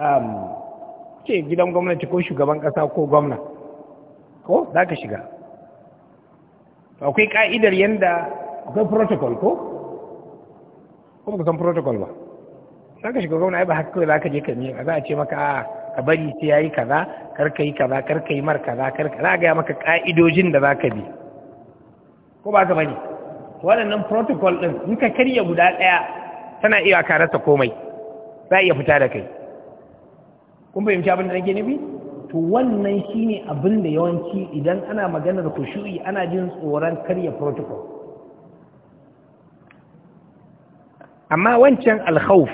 um, ce gidan gwamnati ko shugaban ƙasa ko gwamna ko za ka shiga akwai ƙa'idar yadda akwai protocol ko kuma ka san protocol ba za ka shiga gwamna ai ba haka za ka je kami a za a ce maka ka bari sai ya yi kaza kar ka yi kaza kar ka yi mar kaza kar ka za a gaya maka ka'idojin da za ka bi ko ba ka bane waɗannan protocol ɗin in ka karya guda ɗaya tana iya ka rasa komai za a iya fita da kai kun fahimci abin da nake nufi to wannan shine abin da yawanci idan ana maganar kushu'i ana jin tsoron karya protocol amma wancan alkhawf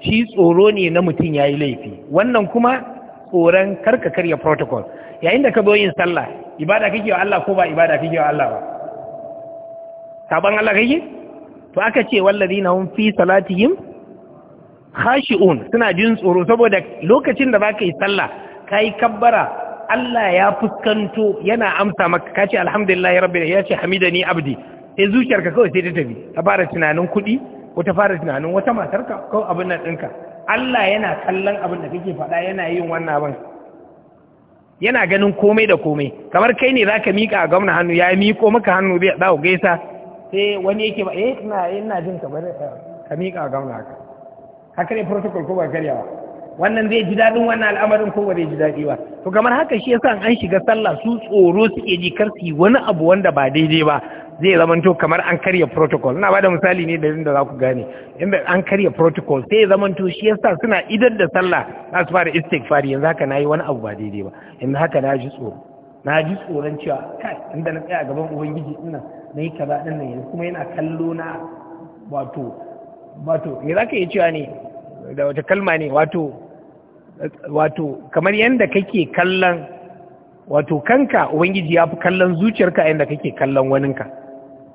shi tsoro ne na mutum yayi laifi wannan kuma tsoron karka karya protocol yayin da ka zo yin sallah ibada kake wa Allah ko ba ibada kake wa Allah ba saban Allah kake to aka ce wallazina hum fi salatihim khashi'un suna jin tsoro saboda lokacin da baka yi sallah kai kabbara Allah ya fuskanto yana amsa maka kace alhamdulillah rabbil ya ce hamidani abdi sai zuciyarka kawai sai ta tafi ta fara tunanin kuɗi ko ta fara tunanin wata matarka ko abin nan ɗinka Allah yana kallon abin da kake faɗa yana yin wannan abin yana ganin komai da komai kamar kai ne zaka mika a gwamna hannu ya miko maka hannu zai dawo gaisa sai wani yake ba eh ina ina jin ka bari ka mika a gwamna haka haka ne protocol ko ba karya ba wannan zai ji daɗin wannan al'amarin ko ba zai ji daɗi ba to kamar haka shi yasa an shiga sallah su tsoro suke ji kar su yi wani abu wanda ba daidai ba zai zamanto kamar an karya protocol ina bada misali ne da da za ku gane inda an karya protocol sai zamanto shi yasa suna idar da sallah za su fara istighfar yanzu haka nayi wani abu ba daidai ba in haka na ji tsoro na ji tsoron cewa kai inda na tsaya gaban ubangiji ina na yi kaza ɗin nan yanzu kuma yana kallo na wato wato me za ka iya cewa ne da wata kalma ne wato wato kamar yadda kake kallon wato kanka ubangiji ya fi kallon zuciyarka yadda kake kallon waninka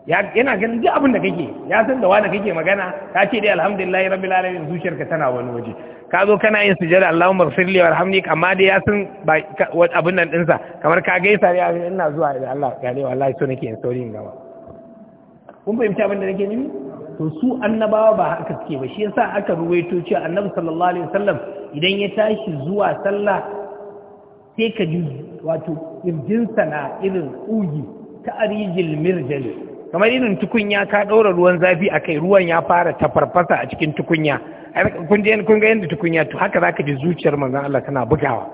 yana ganin duk abin da kake ya san da wani kake magana ka ce dai alhamdulillah rabbil alamin zuciyarka tana wani waje ka zo kana yin sujada Allahumma ighfirli warhamni amma dai ya san abin nan dinsa kamar ka gaisa ya ina zuwa da Allah gane wallahi so nake in saurin gaba kun fahimci abin da nake nimi to su annabawa ba haka suke ba shi yasa aka ruwaito cewa annabi sallallahu alaihi wasallam idan ya tashi zuwa sallah sai ka ji wato irjin na irin ugi ta arijil mirjal kamar irin tukunya ka daura ruwan zafi a kai ruwan ya fara tafarfasa a cikin tukunya kun ji kun ga yadda tukunya to haka zaka ji zuciyar manzon Allah tana bugawa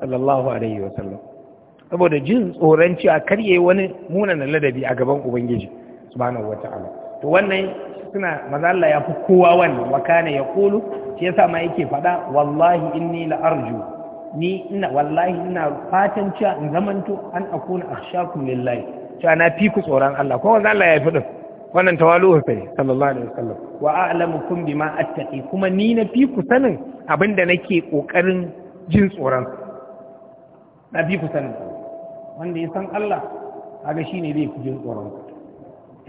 sallallahu alaihi wasallam saboda jin tsoron cewa karye wani munanan ladabi a gaban ubangiji subhanahu wataala to wannan suna maza Allah ya fi kowa wani wa kana ya kulu shi yasa ma yake faɗa wallahi inni la arju ni ina wallahi ina fatan cewa in zamanto an a a akhshakum lillahi cewa na fi ku tsoron Allah ko maza Allah ya fi din wannan tawalu ne sallallahu alaihi wasallam wa kun bi ma attaqi kuma ni na fi ku sanin abinda nake kokarin jin tsoron na fi ku sanin wanda ya san Allah kaga shine zai fi jin tsoron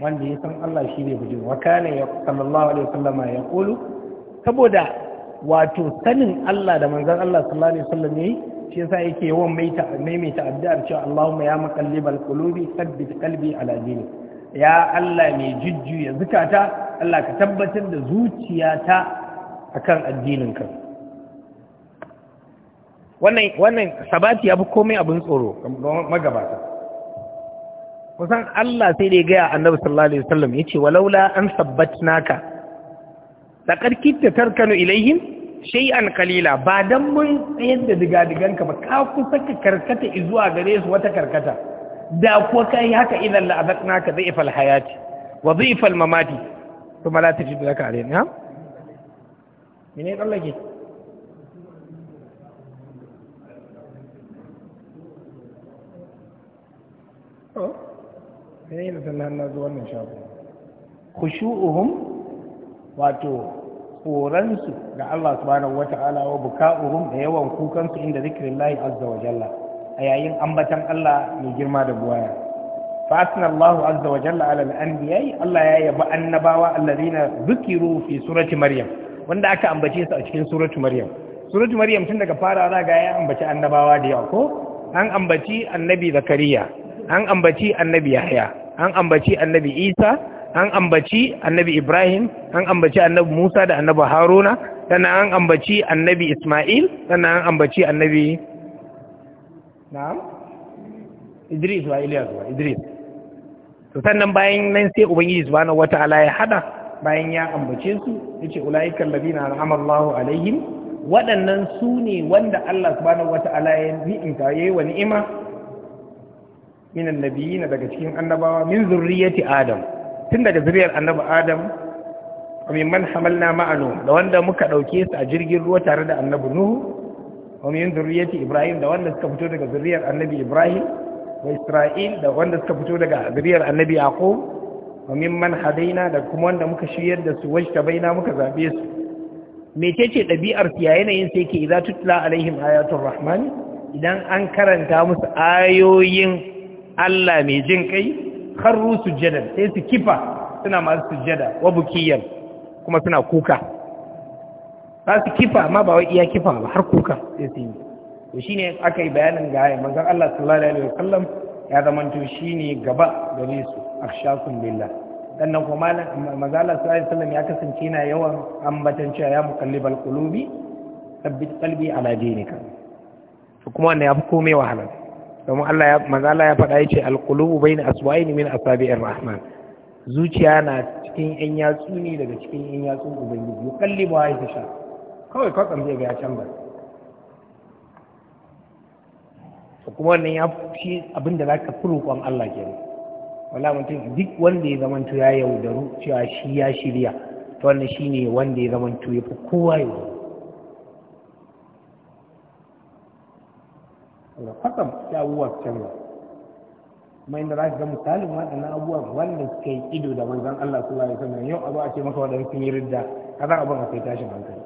wanda ya san Allah shi ne bujin wa ne ya sallallahu alaihi wasallama ya kulu saboda wato sanin Allah da manzon Allah sallallahu alaihi wasallam yayi shi yasa yake yawan maimaita addu'ar cewa Allahumma ya muqallibal qulubi thabbit qalbi ala dinik ya Allah mai jujjuya zukata Allah ka tabbatar da zuciyata akan ka. wannan wannan sabati yafi komai abin tsoro magabata kusan Allah sai da ya gaya annabi sallallahu alaihi wasallam yace walaula an sabbatnaka laqad kitta tarkanu ilaihim shay'an qalila ba dan mun tsayar da ka ba ka kusa ka karkata zuwa gare su wata karkata da ko kai haka idan la azaknaka dhaifal hayati wa dhaifal mamati kuma la mene Oh. sai da sallah na wannan khushu'uhum wato tsoransu ga Allah subhanahu wata'ala wa buka'uhum da yawan kukansu inda zikrillahi azza wa jalla a yayin ambatan Allah mai girma da buwaya fa asna azza wa jalla ala al Allah ya yaba annabawa alladhina zukiru fi surati maryam wanda aka ambace su a cikin suratu maryam suratu maryam tun daga fara za ga ya ambaci annabawa da yawa ko an ambaci annabi zakariya an ambaci annabi yahya an ambaci annabi isa an ambaci annabi ibrahim an ambaci annabi musa da annabi haruna sannan an ambaci annabi isma'il sannan an ambaci annabi na'am idris wa iliya wa idris to sannan bayan nan sai ubangiji subhanahu wataala ya hada bayan ya ambace su yace ulaiikal ladina an'ama Allahu alaihim waɗannan su ne wanda Allah subhanahu wataala ya ni'imta yayi wa ni'ima minan nabiyina daga cikin annabawa min zurriyati adam tun daga zuriyar annabi adam wa min man hamalna ma'anu da wanda muka dauke su a jirgin ruwa tare da annabi nuhu wa min zurriyati ibrahim da wanda suka fito daga zuriyar annabi ibrahim wa isra'il da wanda suka fito daga zuriyar annabi yaqub wa min man hadaina da kuma wanda muka shiryar da su wajta baina muka zabe su mecece ɗabi'ar su yayin sai ke idza tutla alaihim ayatul rahman idan an karanta musu ayoyin Allah mai jin kai kharru sujjadan sai su kifa suna masu sujjada wa bukiyan kuma suna kuka za su kifa amma ba wai iya kifa ba har kuka sai su yi to shine aka yi bayanin ga ayi manzon Allah sallallahu alaihi wasallam ya zama zamanto shine gaba gare su akhshakum billah sannan kuma manzon Allah sallallahu alaihi wasallam ya kasance yana yawan ambatan cewa ya muqallibal qulubi sabbit qalbi ala dinika to kuma wannan ya fi komai wahala domin Allah ya manzo Allah ya faɗa yace alqulubu baina aswa'in min asabi'ir rahman zuciya na cikin yan yatsu ne daga cikin yan yatsun ubangiji yuqallibu sha kawai ka zai ga ya canza kuma wannan ya fi abin da zaka fi roƙon Allah ke wala mutum duk wanda ya zamanto ya yaudaru cewa shi ya shirya to wannan shine wanda ya zamanto ya fi kowa yaudaru da kwatsam sai canza kuma inda za ka ga misalin waɗannan abubuwa wanda suka yi ido da manzan Allah su alaihi wasallam yau abu a ce maka waɗansu sun yi ridda ka san abin akwai tashin hankali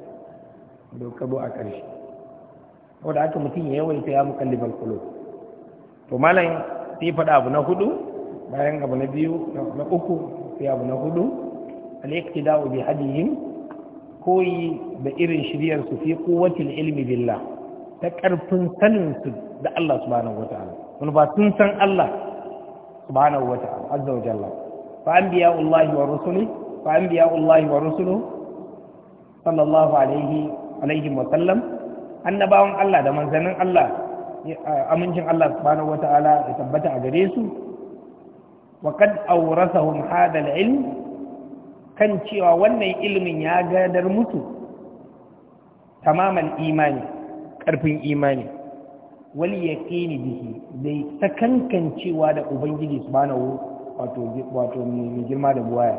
da ka zo a ƙarshe wanda haka mutum ya yawaita ya liban kulo to malam sai faɗa abu na hudu bayan abu na biyu na uku sai abu na hudu al-iqtida'u bi hadihim koyi da irin shiryar su fi quwwatil ilmi billah ta ƙarfin saninsu da Allah subhanahu wa ta'ala wani ba sun san Allah subhanahu wa ta'ala azza wa jalla fa anbiya Allah wa rusuli fa anbiya Allah wa rusulu sallallahu alaihi alaihi wa sallam annabawan Allah da manzannin Allah amincin Allah subhanahu wa ta'ala ya tabbata a gare su wa kad awrasahum hada al-ilm kan cewa wannan ilimin ya gadar mutu tamamal imani ƙarfin imani wani ya ke ni bihi dai cewa da ubangiji su wato wato mai girma da buwaya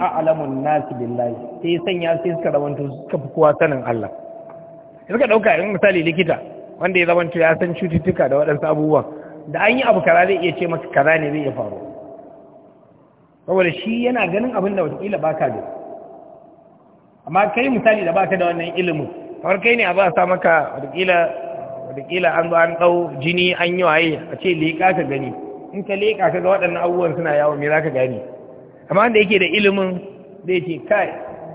a a'lamun nasu billahi sai sanya sai suka rawanto suka fi kowa sanin Allah suka dauka in misali likita wanda ya zamanta ya san cututtuka da waɗansu abubuwan da an yi abu kara zai iya ce maka kara ne zai iya faru saboda shi yana ganin abin da wataƙila ka da amma kai misali da ba ka da wannan ilimin kamar kai ne a ba sa maka wadakila an zo an ɗau jini an yi waye a ce leƙa ka gani in ka leƙa ka ga waɗannan abubuwan suna yawon me za ka gani amma da yake da ilimin zai ce kai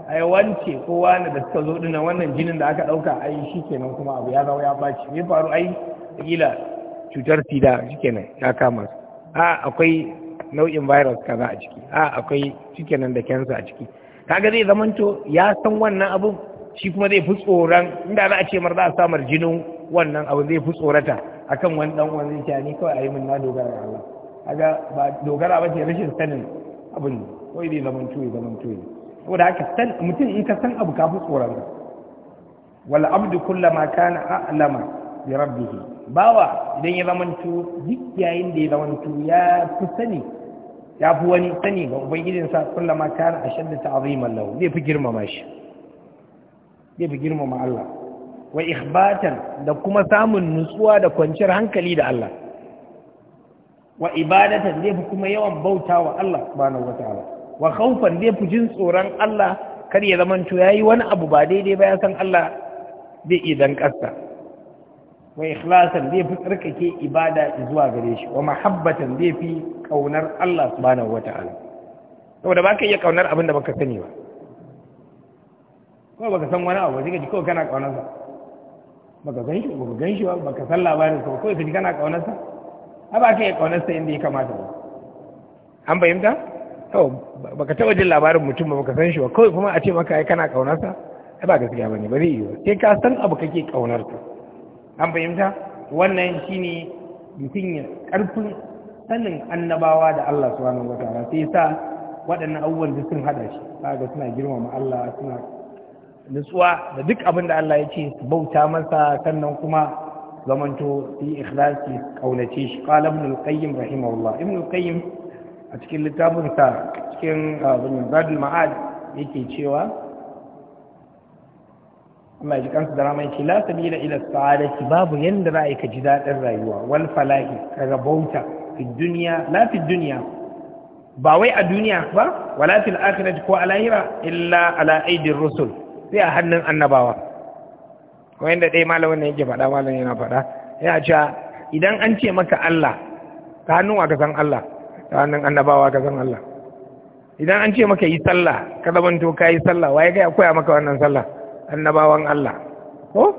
a yawance kowa na da suka zo dinnan wannan jinin da aka ɗauka yi shi kenan kuma abu ya zama ya ɓaci me faru a yi wadakila cutar sida shi kenan ya kama a akwai nau'in virus kaza a ciki a akwai cikenan da kansa a ciki kaga zai zamanto ya san wannan abun shi kuma zai fi tsoron inda za a ce mar za a samar jinin wannan abu zai fi tsorata akan wani dan uwan zai ni kawai a yi min na dogara da Allah kaga ba dogara ba ce rashin sanin abin kawai zai zaman tuyi zaman tuyi saboda haka san mutum in ka san abu ka fi tsoron ka wal abdu kullama kana a'lama bi rabbih bawa idan ya zaman tu duk yayin da ya zaman tu ya fi sani ya fi wani sani ga ubangijinsa kullama kana ashadda ta'ziman lahu zai fi girmama shi zai fi girmama Allah wa ikhbatan da kuma samun nutsuwa da kwanciyar hankali da Allah wa ibadatan zai fi kuma yawan bauta wa Allah subhanahu wataala wa khawfan zai fi jin tsoron Allah kar ya zaman to yayi wani abu ba daidai ba ya san Allah zai idan kasta wa ikhlasan zai fi tsarkake ibada zuwa gare shi wa mahabbatan zai fi kaunar Allah subhanahu wataala saboda baka iya kaunar abin da baka sani ba kuma baka san wani abu sai ka ji kawai kana kaunarsa baka gan shi baka gan shi ba baka san labarin sa kawai ka ji kana kaunarsa a ba ka yi kaunarsa inda ya kamata ba an fahimta to baka taɓa jin labarin mutum ba baka san shi ba kawai kuma a ce maka ai kana kaunarsa ai ba gaskiya bane ba zai yi ba sai ka san abu kake kaunarsa an fahimta wannan shine mutum ya karfin sanin annabawa da Allah subhanahu wataala sai sa waɗannan abubuwan da sun hada shi kaga suna girmama Allah suna nutsuwa da duk abin da Allah ya ce bauta masa sannan kuma zamanto yi ikhlasi kaunace shi qala ibn al-qayyim rahimahullah ibn al-qayyim a cikin littafin sa cikin ah, abin zadul ma'ad yake cewa Allah ji kansa da ramai ce la sabila ila sa'adati babu yanda za ka ji dadin rayuwa wal falahi ka rabauta fi dunya la fi dunya ba wai a duniya ba wala fil akhirati ko a lahira illa ala aidir rusul sai a hannun annabawa kuma yadda ɗaya malamin ne yake faɗa malamin yana faɗa yana cewa idan an ce maka Allah ta hannun wa ka san Allah ta hannun annabawa ka san Allah idan an ce maka yi sallah ka zamanto ka yi sallah waye kai koya maka wannan sallah annabawan Allah ko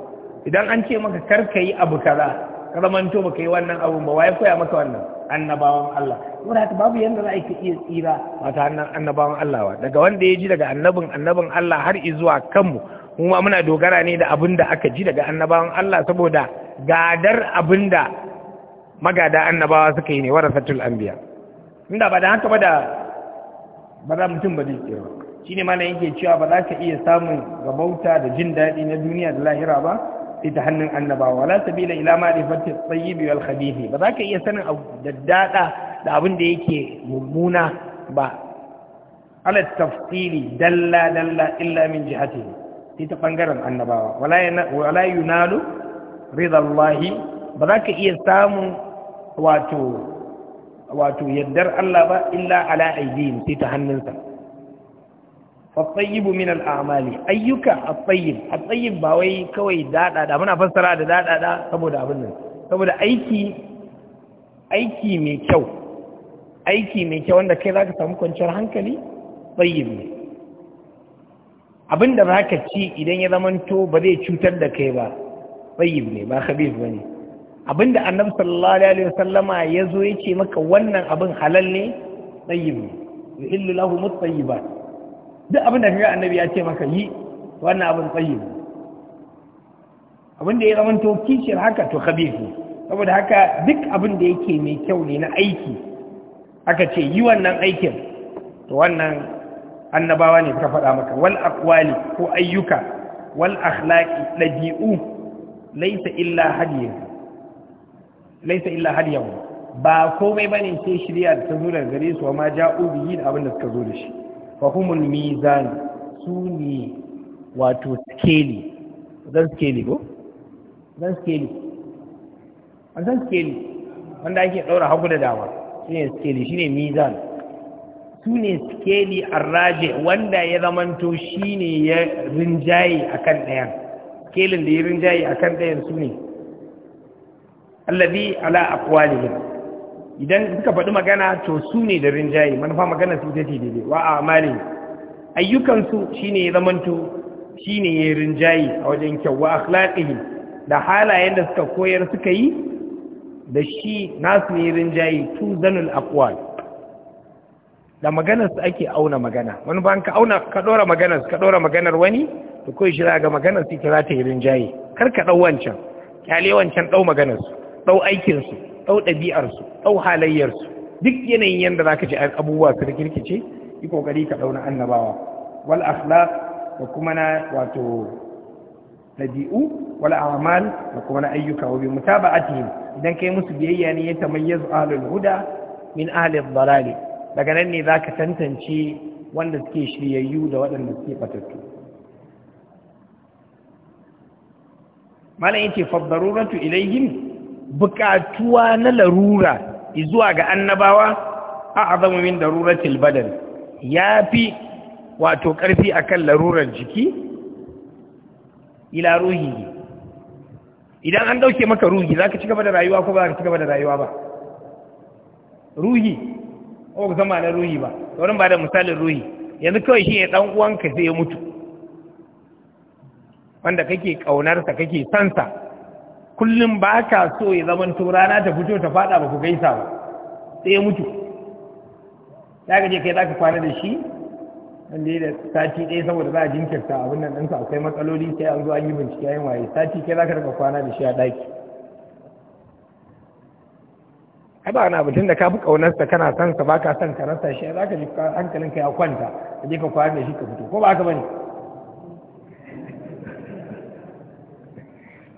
idan an ce maka kar ka yi abu kaza ka zamanto baka yi wannan abu ba waye koya maka wannan annabawan Allah wanda ta babu yadda za a iya tsira ba ta hannun annabawan Allah ba daga wanda ya ji daga annabin annabin Allah har zuwa kanmu mu ma muna dogara ne da abin da aka ji daga annabawan Allah saboda gadar abin magada annabawa suka yi ne warasatul anbiya inda ba da haka ba da ba za mutum ba zai tsira shine ma yake cewa ba za ka iya samun gabauta da jin daɗi na duniya da lahira ba ita hannun annabawa wala sabila ila ma'rifati at-tayyib wal khabith ba za ka iya sanin abu daddada da abin da yake mummuna ba ala tafsili dalla dalla illa min jihatihi sai ta bangaren annabawa wala wala yunalu ridallahi ba za ka iya samun wato wato yaddar Allah ba illa ala aidihim sai ta hannunsa fattayyibu min al'amali ayyuka attayyib attayyib ba wai kawai daɗaɗa muna fassara da daɗaɗa saboda abin nan saboda aiki aiki mai kyau aiki mai kyau wanda kai za ka samu kwanciyar hankali tsayyib ne abin da za ka ci idan ya zamanto ba zai cutar da kai ba tsayyib ne ba khabir ba ne abin da annabi sallallahu alaihi wasallama ya zo ya ce maka wannan abin halal ne tsayyib ne yuhillu lahu mutayyibat duk abin da kaga annabi ya ce maka yi wannan abin tsayi abin da ya zama to kishiyar haka to khabir saboda haka duk abin da yake mai kyau ne na aiki aka ce yi wannan aikin to wannan annabawa ne suka faɗa maka wal ko ayyuka wal akhlaqi dabi'u laisa illa hadiya laysa illa hadiya ba komai bane sai da ta zo daga gare su ma yi da abin da suka zo da shi Fahimun mizan su ne wato skeli zan skeli ko? zan skeli an zan skeli wanda ake daura haku da dama shi ne skeli shi ne mizan su ne skeli raje wanda ya zamanto shi ne ya rinjaye a kan ɗayan skelin da ya rinjaye a kan ɗayan su ne allabi ala akwalihim idan suka faɗi magana to su ne da rinjaye manufa magana su ita ce daidai wa a amali ayyukansu ne ya zamanto ne ya rinjaye a wajen kyau wa akhlaqihi da halayen da suka koyar suka yi da shi nasu ne rinjaye tu zanul aqwal da maganar su ake auna magana wani ba ka auna ka ɗora maganar ka ɗora maganar wani to kai shi ga maganar su ita za ta yi rinjaye kar ka ɗau wancan kyale wancan ɗau maganar su aikinsu. aikin su ɗau ɗabi'arsu ɗau halayyarsu duk yanayin yadda za ka ci abubuwa su da kirkice yi ƙoƙari ka ɗau na annabawa wal akhlaq da kuma na wato ɗabi'u wal amal da kuma na ayyuka wa bi mutaba'atihim idan kai musu biyayya ne ya tamayyazu ahlul huda min ahli dalali daga nan ne zaka tantance wanda suke shiryayyu da waɗanda suke batattu malam yace fa daruratu ilayhim bukatuwa na larura zuwa ga annabawa a azamu min daruratil badal fi wato karfi akan larurar jiki ila ruhi idan an dauke maka ruhi zaka ci gaba da rayuwa ko ba ka ci da rayuwa ba ruhi ko ku zama na ruhi ba wurin ba da misalin ruhi yanzu kawai shi ne dan uwanka sai ya mutu wanda kake ƙaunarsa kake sansa kullum ba ka so ya zama rana ta fito ta fada ba ku gaisa ba sai ya mutu ya ka kai za ka kwana da shi wanda da sati ɗaya saboda za a jinkirta abin nan ɗansa akwai matsaloli sai an zo an yi bincike yin waye sati kai za ka daga kwana da shi a ɗaki ai ba na abin da ka fi ƙaunarsa kana son sa ba ka son ka rasa shi za ka ji hankalinka ya kwanta ka je ka kwana da shi ka fito ko ba haka ba ne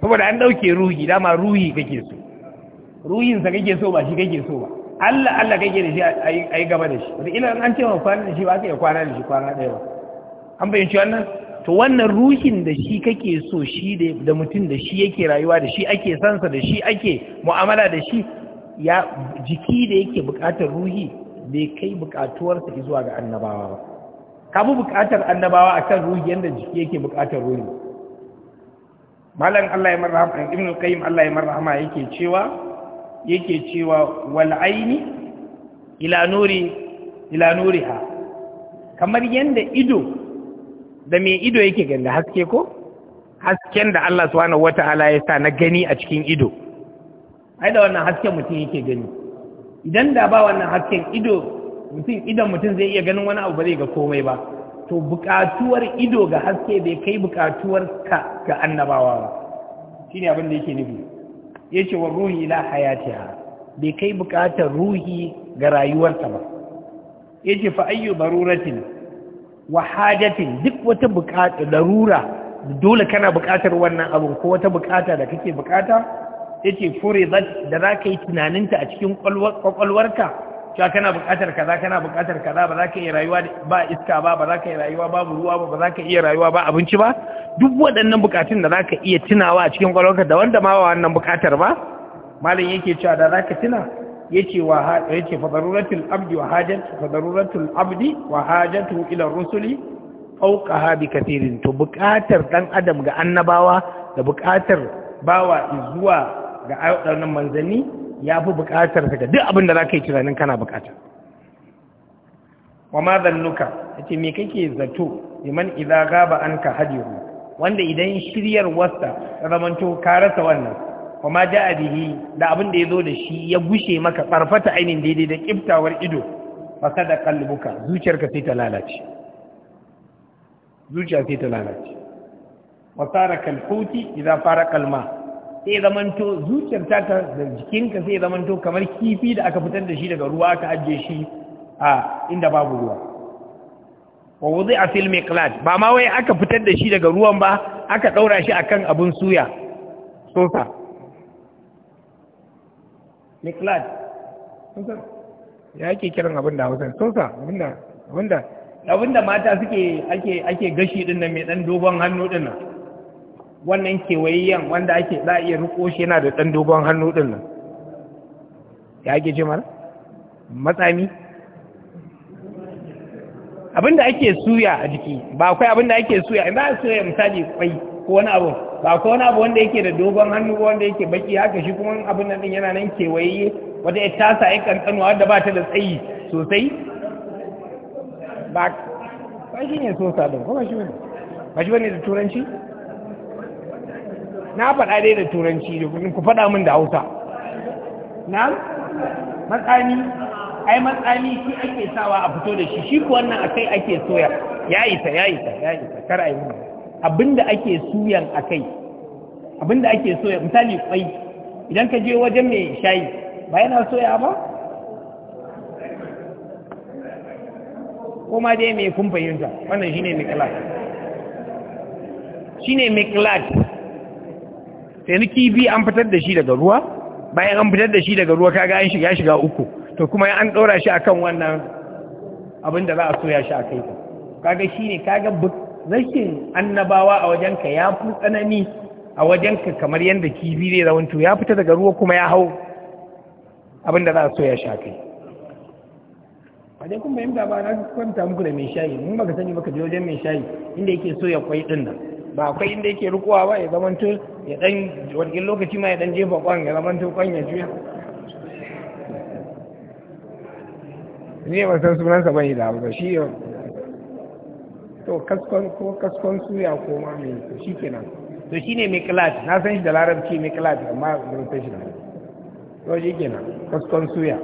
saboda an ɗauke ruhi dama ruhi kake so ruhinsa kake so ba shi kake so ba Allah Allah kake da shi a yi gaba da shi wata ila an ce kwana da shi ba ka iya kwana da shi kwana ɗaya ba an bayyance wannan to wannan ruhin da shi kake so shi da mutum da shi yake rayuwa da shi ake sansa da shi ake mu'amala da shi ya jiki da yake buƙatar ruhi bai kai buƙatuwarsa zuwa ga annabawa ba ka bi buƙatar annabawa akan ruhi yadda jiki yake buƙatar ruhi malam Allah ya marhama ibn qayyim Allah ya marhama yake cewa yake cewa wal aini ila nuri ila nuriha kamar yanda ido da me ido yake ganda haske ko hasken da Allah subhanahu wataala ya sa na gani a cikin ido ai da wannan hasken mutum yake gani idan da ba wannan hasken ido mutum idan mutum zai iya ganin wani abu ba zai ga komai ba to bukatuwar ido ga haske bai kai bukatuwar ka ga annabawa ba shi abin da yake nufi ce, wa ruhi la ha bai kai bukatar ruhi ga rayuwarta ba yace fa ayyu baruratin wa hajatin duk wata bukata rura dole kana bukatar wannan abu ko wata bukata da kake bukata yace fure da ka yi tunaninta a cikin kwakwalwarka cewa kana buƙatar kaza kana buƙatar kaza ba za ka iya rayuwa ba iska ba ba za ka iya rayuwa ba ruwa ba ba za ka iya rayuwa ba abinci ba duk waɗannan buƙatun da za ka iya tunawa a cikin ƙwaronka da wanda ma wannan buƙatar ba malam yake cewa da za ka tuna yace wa yace fa daruratul abdi wa hajatu fa abdi wa hajatu ila rusuli fawqaha bi kafirin to buƙatar dan adam ga annabawa da buƙatar bawa zuwa ga waɗannan manzanni ya fi bukatar daga duk abin da za ka yi tunanin kana bukata wa ma zannuka a ce me kake zato liman iza gaba an ka hadiru wanda idan shiryar wasta ta zamanto ka rasa wannan wa ma a bihi da abin da ya zo da shi ya gushe maka farfata ainihin daidai da kiftawar ido fa kada kalbuka zuciyarka sai ta lalace zuciya sai ta lalace wa sara kalhuti idza fara kalma. sai zamanto zuciyar taka da jikinka sai zamanto kamar kifi da aka fitar da shi daga ruwa aka ajiye shi a inda babu ruwa wa wuzi a fil miqlat ba ma wai aka fitar da shi daga ruwan ba aka daura shi akan abun suya sofa miqlat ya ake kiran abin da Hausa sofa abinda abinda abinda mata suke ake ake gashi dinnan nan mai dan dogon hannu dinnan. nan wannan kewayayyen wanda ake za a iya riko shi yana da ɗan dogon hannu ɗin nan ya ake ce mara matsami abinda ake suya a jiki ba akwai abinda ake suya in ba a suya misali kwai ko wani abu ba akwai wani abu wanda yake da dogon hannu ko wanda yake baki haka shi kuma abin nan ɗin yana nan kewaye wata ya tasa ya kankanu wadda ba ta da tsayi sosai ba shi ne sosa ɗin kuma shi ne ba shi ne da turanci na faɗa dai da turanci ku faɗa min da hausa na matsami ai matsami shi ake sawa a fito da shi shi ku wannan akai ake soya ya isa ya isa ya isa kar a yi mun abinda ake suyan akai abinda ake soya misali kwai idan ka je wajen mai shayi ba yana soya ba ko ma dai mai kumfayinta wannan shine mikilat shine mikilat ni kifi an fitar da shi daga ruwa bayan an fitar da shi daga ruwa kaga an shiga shiga uku to kuma an ɗora shi akan wannan abin da za a soya shi akai kai ka kaga shine kaga rashin annabawa a wajenka ya fi tsanani a wajenka kamar yadda kifi zai rawanto ya fita daga ruwa kuma ya hau abin da za a soya shi akai kai a dai kun fahimta ba na kwanta muku da mai shayi mun baka sani baka je wajen mai shayi inda yake soya kwai din nan ba akwai inda yake rukuwa ba ya zamanto ya dan wani lokaci ma ya dan jefa kwan ya zama kwan ya juya ne ba san sunansa bane da abu shi to kaskon ko kaskon suya ko ma mai to shi kenan to shi ne mai kilat na san shi da larabci mai kilat amma ban san shi da to shi kenan kaskon suya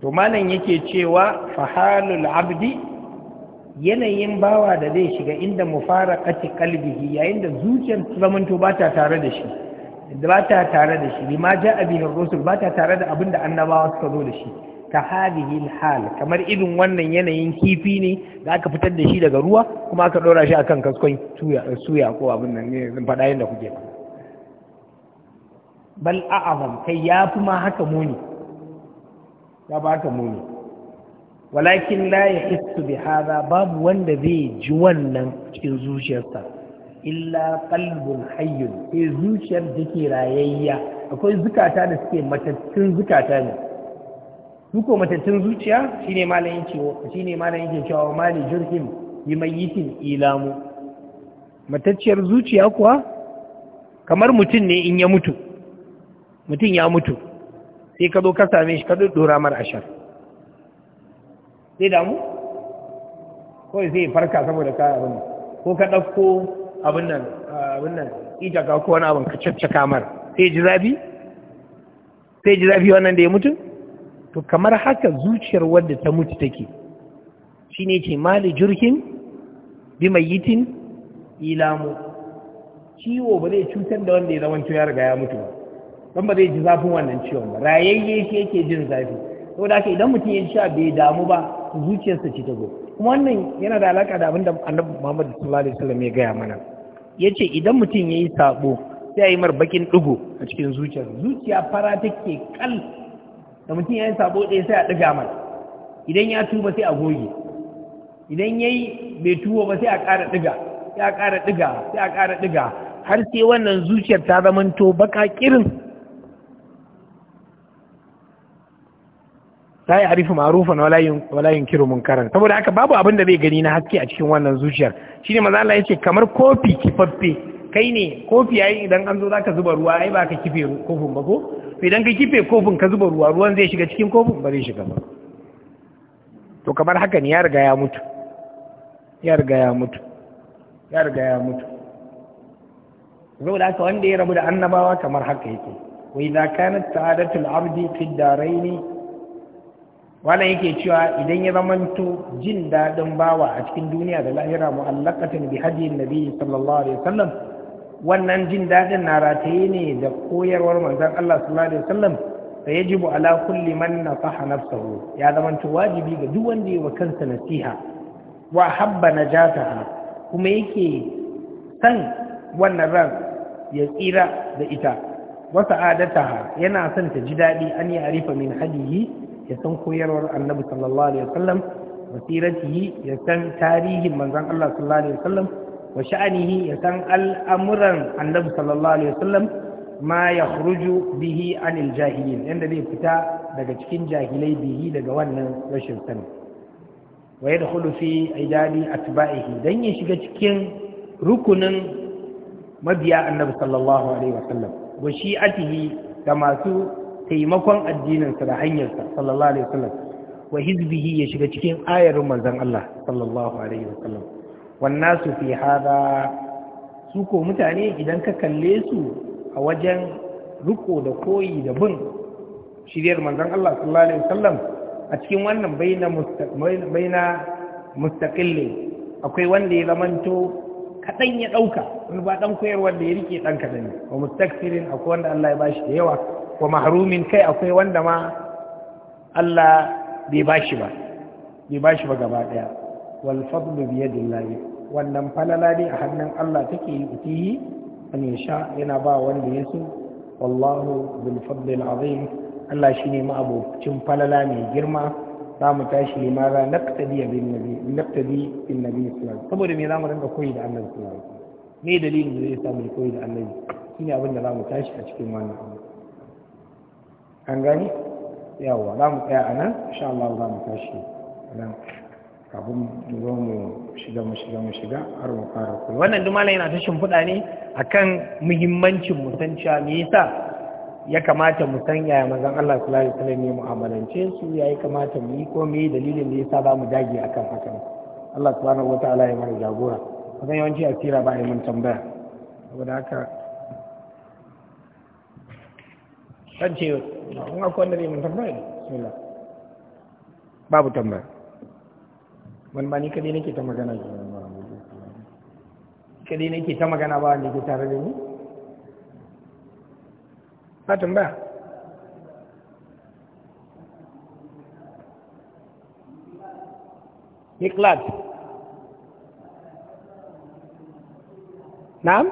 to malam yake cewa fahalul abdi yanayin bawa da zai shiga inda ƙati kalbihi yayin da zuciyar zamanto ba ta tare da shi da ba ta tare da shi ma ja bihi rusul ba ta tare da abin da annabawa suka zo da shi ka hadihi hal kamar irin wannan yanayin kifi ne da aka fitar da shi daga ruwa kuma aka ɗora shi akan kaskon suya ko abin nan ne zan faɗa yadda kuke ba bal a'azam kai ya fi ma haka muni ya ba haka muni walakin la ya istu bi hada babu wanda zai ji wannan cikin zuciyarsa illa qalbun hayyun ke zuciyar da ke rayayya akwai zukata da suke matattun zukata ne duko matattun zuciya shine malamin cewa shine malamin yake cewa mali jurhim bi mayyitin ilamu matacciyar zuciya kuwa kamar mutum ne in ya mutu mutum ya mutu sai ka zo ka same shi ka dora mar ashar zai damu kawai zai farka saboda ka abin nan ko ka ɗauko abin nan abin nan ita ga ko wani abin ka caccaka kamar sai ji zafi sai ji zafi wannan da ya mutu to kamar haka zuciyar wadda ta mutu take shine ce mali jirgin bi yitin ilamu ciwo ba zai cutar da wanda ya zama ya riga ya mutu ba don ba zai ji zafin wannan ciwon ba rayayye shi yake jin zafi saboda haka idan mutum ya sha bai damu ba zuciyarsa ce ta zo kuma wannan yana da alaka da abin da annabi Muhammad sallallahu alaihi wasallam ya gaya mana yace idan mutum yayi sabo sai yayi mar bakin dugo a cikin zuciyar zuciya fara take kal da mutum yayi sabo dai sai a diga mai idan ya tuba sai a goge idan yayi bai tuba ba sai a ƙara diga sai a ƙara diga sai a ƙara diga har sai wannan zuciyar ta zamanto baka kirin la ya arifu ma'rufan wala mun karanta. saboda haka babu abin da bai gani na haske a cikin wannan zuciyar shine maza Allah yace kamar kofi kifaffe kai ne kofi yayi idan an zo zaka zuba ruwa ai ba ka kife kofin ba ko idan ka kife kofin ka zuba ruwa ruwan zai shiga cikin kofin ba zai shiga ba to kamar haka ne ya riga ya mutu ya riga ya mutu ya riga ya mutu saboda haka wanda ya rabu da annabawa kamar haka yake wa idza kanat sa'adatul abdi fid daraini wannan yake cewa idan ya zamanto jin daɗin bawa a cikin duniya da lahira mu'allaqatan bi hadiyin nabi sallallahu alaihi wasallam wannan jin daɗin na rataye ne da koyarwar manzon Allah sallallahu alaihi wasallam fa yajibu ala kulli man nasaha nafsahu ya zamanto wajibi ga duk wanda ya wa kansa nasiha wa habba najataha kuma yake san wannan ran ya tsira da ita wa sa'adataha yana son ta ji daɗi an ya arifa min hadihi ya san koyarwar annabi sallallahu alaihi wasallam wa siratihi ya san tarihin manzon Allah sallallahu alaihi wasallam wa sha'anihi ya san al'amuran annabi sallallahu alaihi wasallam ma yakhruju bihi anil jahilin yanda zai fita daga cikin jahilai bihi daga wannan rashin sani wa yadkhulu fi idadi atba'ihi dan ya shiga cikin rukunin mabiya annabi sallallahu alaihi wasallam wa shi'atihi da masu taimakon addininsa da hanyarsa sallallahu alaihi wasallam wa hizbihi ya shiga cikin ayar manzon Allah sallallahu alaihi wasallam wan nasu fi hada su ko mutane idan ka kalle su a wajen riko da koyi da bin shiryar manzon Allah sallallahu alaihi wasallam a cikin wannan baina baina mustaqilli akwai wanda ya zamanto kaɗan ya ɗauka wani ba dan koyarwa da ya rike ɗan kaɗan ne wa mustaksirin akwai wanda Allah ya bashi da yawa wa mahrumin kai akwai wanda ma Allah bai bashi ba bai bashi ba gaba daya wal fadlu bi yadillahi wannan falala ne a hannun Allah take yi an yasha yana ba wanda ya so wallahu bil fadli al azim Allah shine ma abocin falala mai girma za mu tashi limara naqtadi bin nabi naqtadi bin nabi sallallahu alaihi wasallam saboda me za mu rinka koyi da annabi sallallahu me dalilin da zai sa mu koyi da annabi shine abin da za mu tashi a cikin wannan abu. an gani yawa za mu tsaya a nan sha Allah za mu tashi nan kafin mu zo mu shiga mu shiga mu shiga har mu fara koyi wannan duk yana ta shimfiɗa ne akan muhimmancin musanciya me yasa ya kamata mu san yaya manzon Allah sallallahu alaihi wasallam ya mu'amalance su yayi kamata mu yi ko me dalilin da yasa ba mu dage akan haka Allah subhanahu wataala ya mana jagora kuma yawanci asira ba a yi mun tambaya saboda haka kan ce akwai wanda zai bismillah babu tambaya wani ba ni kadai nake ta magana kadai nake ta magana ba wanda ke tare da ni ba tambaya Na'am?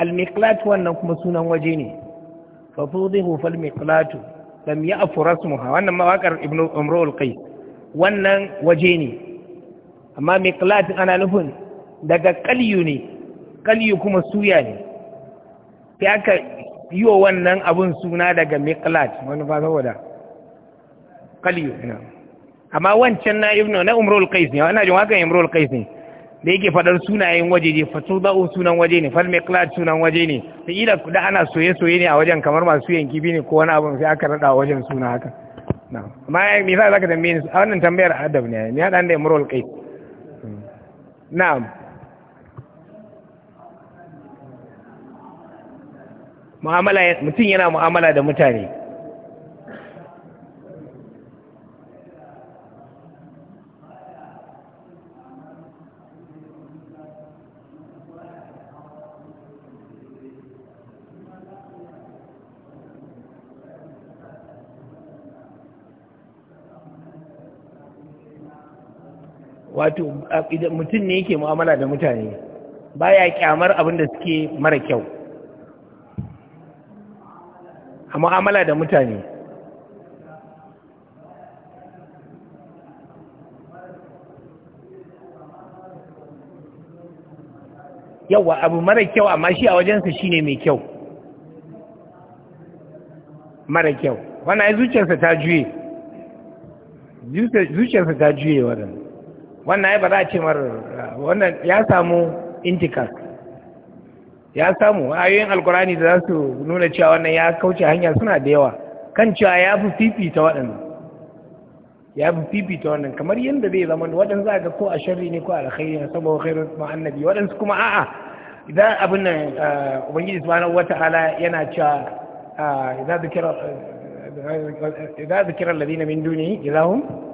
al-miqlat wannan kuma sunan waje ne fa fudihu fal miqlatu lam ya'fu rasmuha wannan mawaqar ibnu umrul qais wannan waje ne amma miqlat ana nufin daga qalyu ne qalyu kuma suya ne sai aka yi wa wannan abun suna daga miqlat wani fa saboda qalyu ina amma wancan na ibnu na umrul qais ne wannan jin wakan umrul qais ne da yake fadar sunayen waje ne fasu ba'u sunan waje ne falme miqlat sunan waje ne da ila da ana soye soye ne a wajen kamar masu yanki bi ne ko wani abu sai aka rada wajen suna haka amma me yasa zaka tambaye a wannan tambayar adab ne ni hadan da murul kai na mu'amala mutum yana mu'amala da mutane wato mutum ne yake mu'amala da mutane ba ya kyamar abin da suke mara kyau a mu'amala da mutane yawa abu mara kyau amma shi a wajensa shine mai kyau mara kyau wannan ai zuciyarsa ta juye zuciyarsa ta juye wadanda wannan ya ba za a ce mar wannan ya samu intika ya samu ayoyin alkurani da za su nuna cewa wannan ya kauce hanya suna da yawa kan cewa ya fi fifita waɗannan ya fi fifita wannan kamar yadda zai zama waɗansu za ga ko a sharri ne ko alkhairi na saboda khairun su annabi waɗansu kuma a'a idan abin nan ah, ubangiji subhanahu wata'ala yana cewa ah, idan zikira idan zikira alladhina min dunihi idahum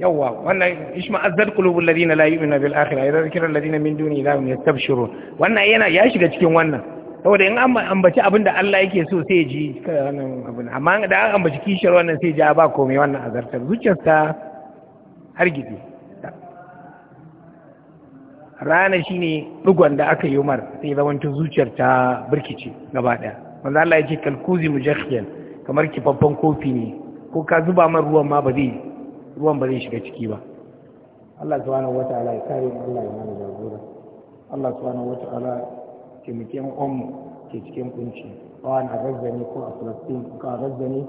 yawwa wannan ishma azzad qulubul ladina la yu'minuna bil akhirah idza zikra alladina min duni ilahum yastabshirun wannan yana ya shiga cikin wannan saboda in an ambaci abinda da Allah yake so sai ji wannan abin amma da an ambaci kishar wannan sai ji ba komai wannan azartar zuciyarsa har gidi rana shine dugon da aka yi Umar sai zamanta zuciyar ta burkice gaba daya manzo Allah ya ce kalkuzi mujakhyan kamar kifaffan kofi ne ko ka zuba man ruwan ma ba zai ruwan ba zai shiga ciki ba Allah subhanahu wata'ala ya kare Allah ya mana jagora Allah subhanahu wata'ala ke mutum om ke cikin kunci wani a ko a falastin ko a razzani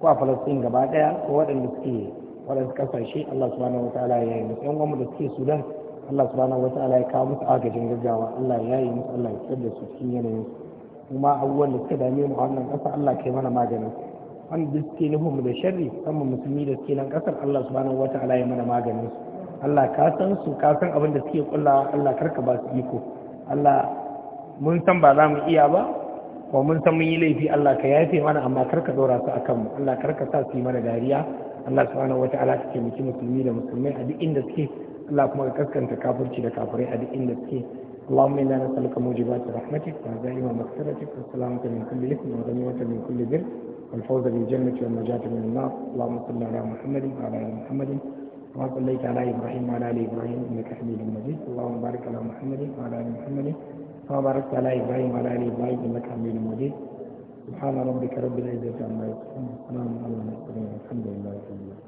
ko a falastin gaba daya ko wadanda suke wadanda kasashe Allah subhanahu wata'ala ya yi musu yan da suke sudan Allah subhanahu wata'ala ya kawo musu agajin gaggawa Allah ya yi musu Allah ya fitar su cikin yanayin kuma abubuwan da suka dame mu a wannan ƙasa Allah kai mana maganin wanda suke nufin da sharri sama musulmi da suke nan kasar Allah subhanahu wata'ala ya mana maganin su Allah ka san su ka san abin da suke kullawa Allah karka ba su iko Allah mun san ba za mu iya ba ko mun san mun yi laifi Allah ka yafe mana amma karka dora su akan mu Allah karka sa su yi mana dariya Allah subhanahu wata'ala ka taimaki musulmi da musulmai a duk inda suke Allah kuma ka kaskanta kafirci da kafirai a duk inda suke اللهم انا نسالك موجبات رحمتك وعزائم مغفرتك والسلامه من كل اثم وغنيمه من كل ذنب والفوز بالجنة والنجاة من النار اللهم صل على محمد وعلى آل محمد كما صليت على إبراهيم وعلى آل إبراهيم إنك حميد مجيد اللهم بارك على محمد وعلى آل محمد كما باركت على إبراهيم وعلى آل إبراهيم إنك حميد مجيد سبحان ربك رب العزة عما يصفون وسلام على المرسلين والحمد لله رب العالمين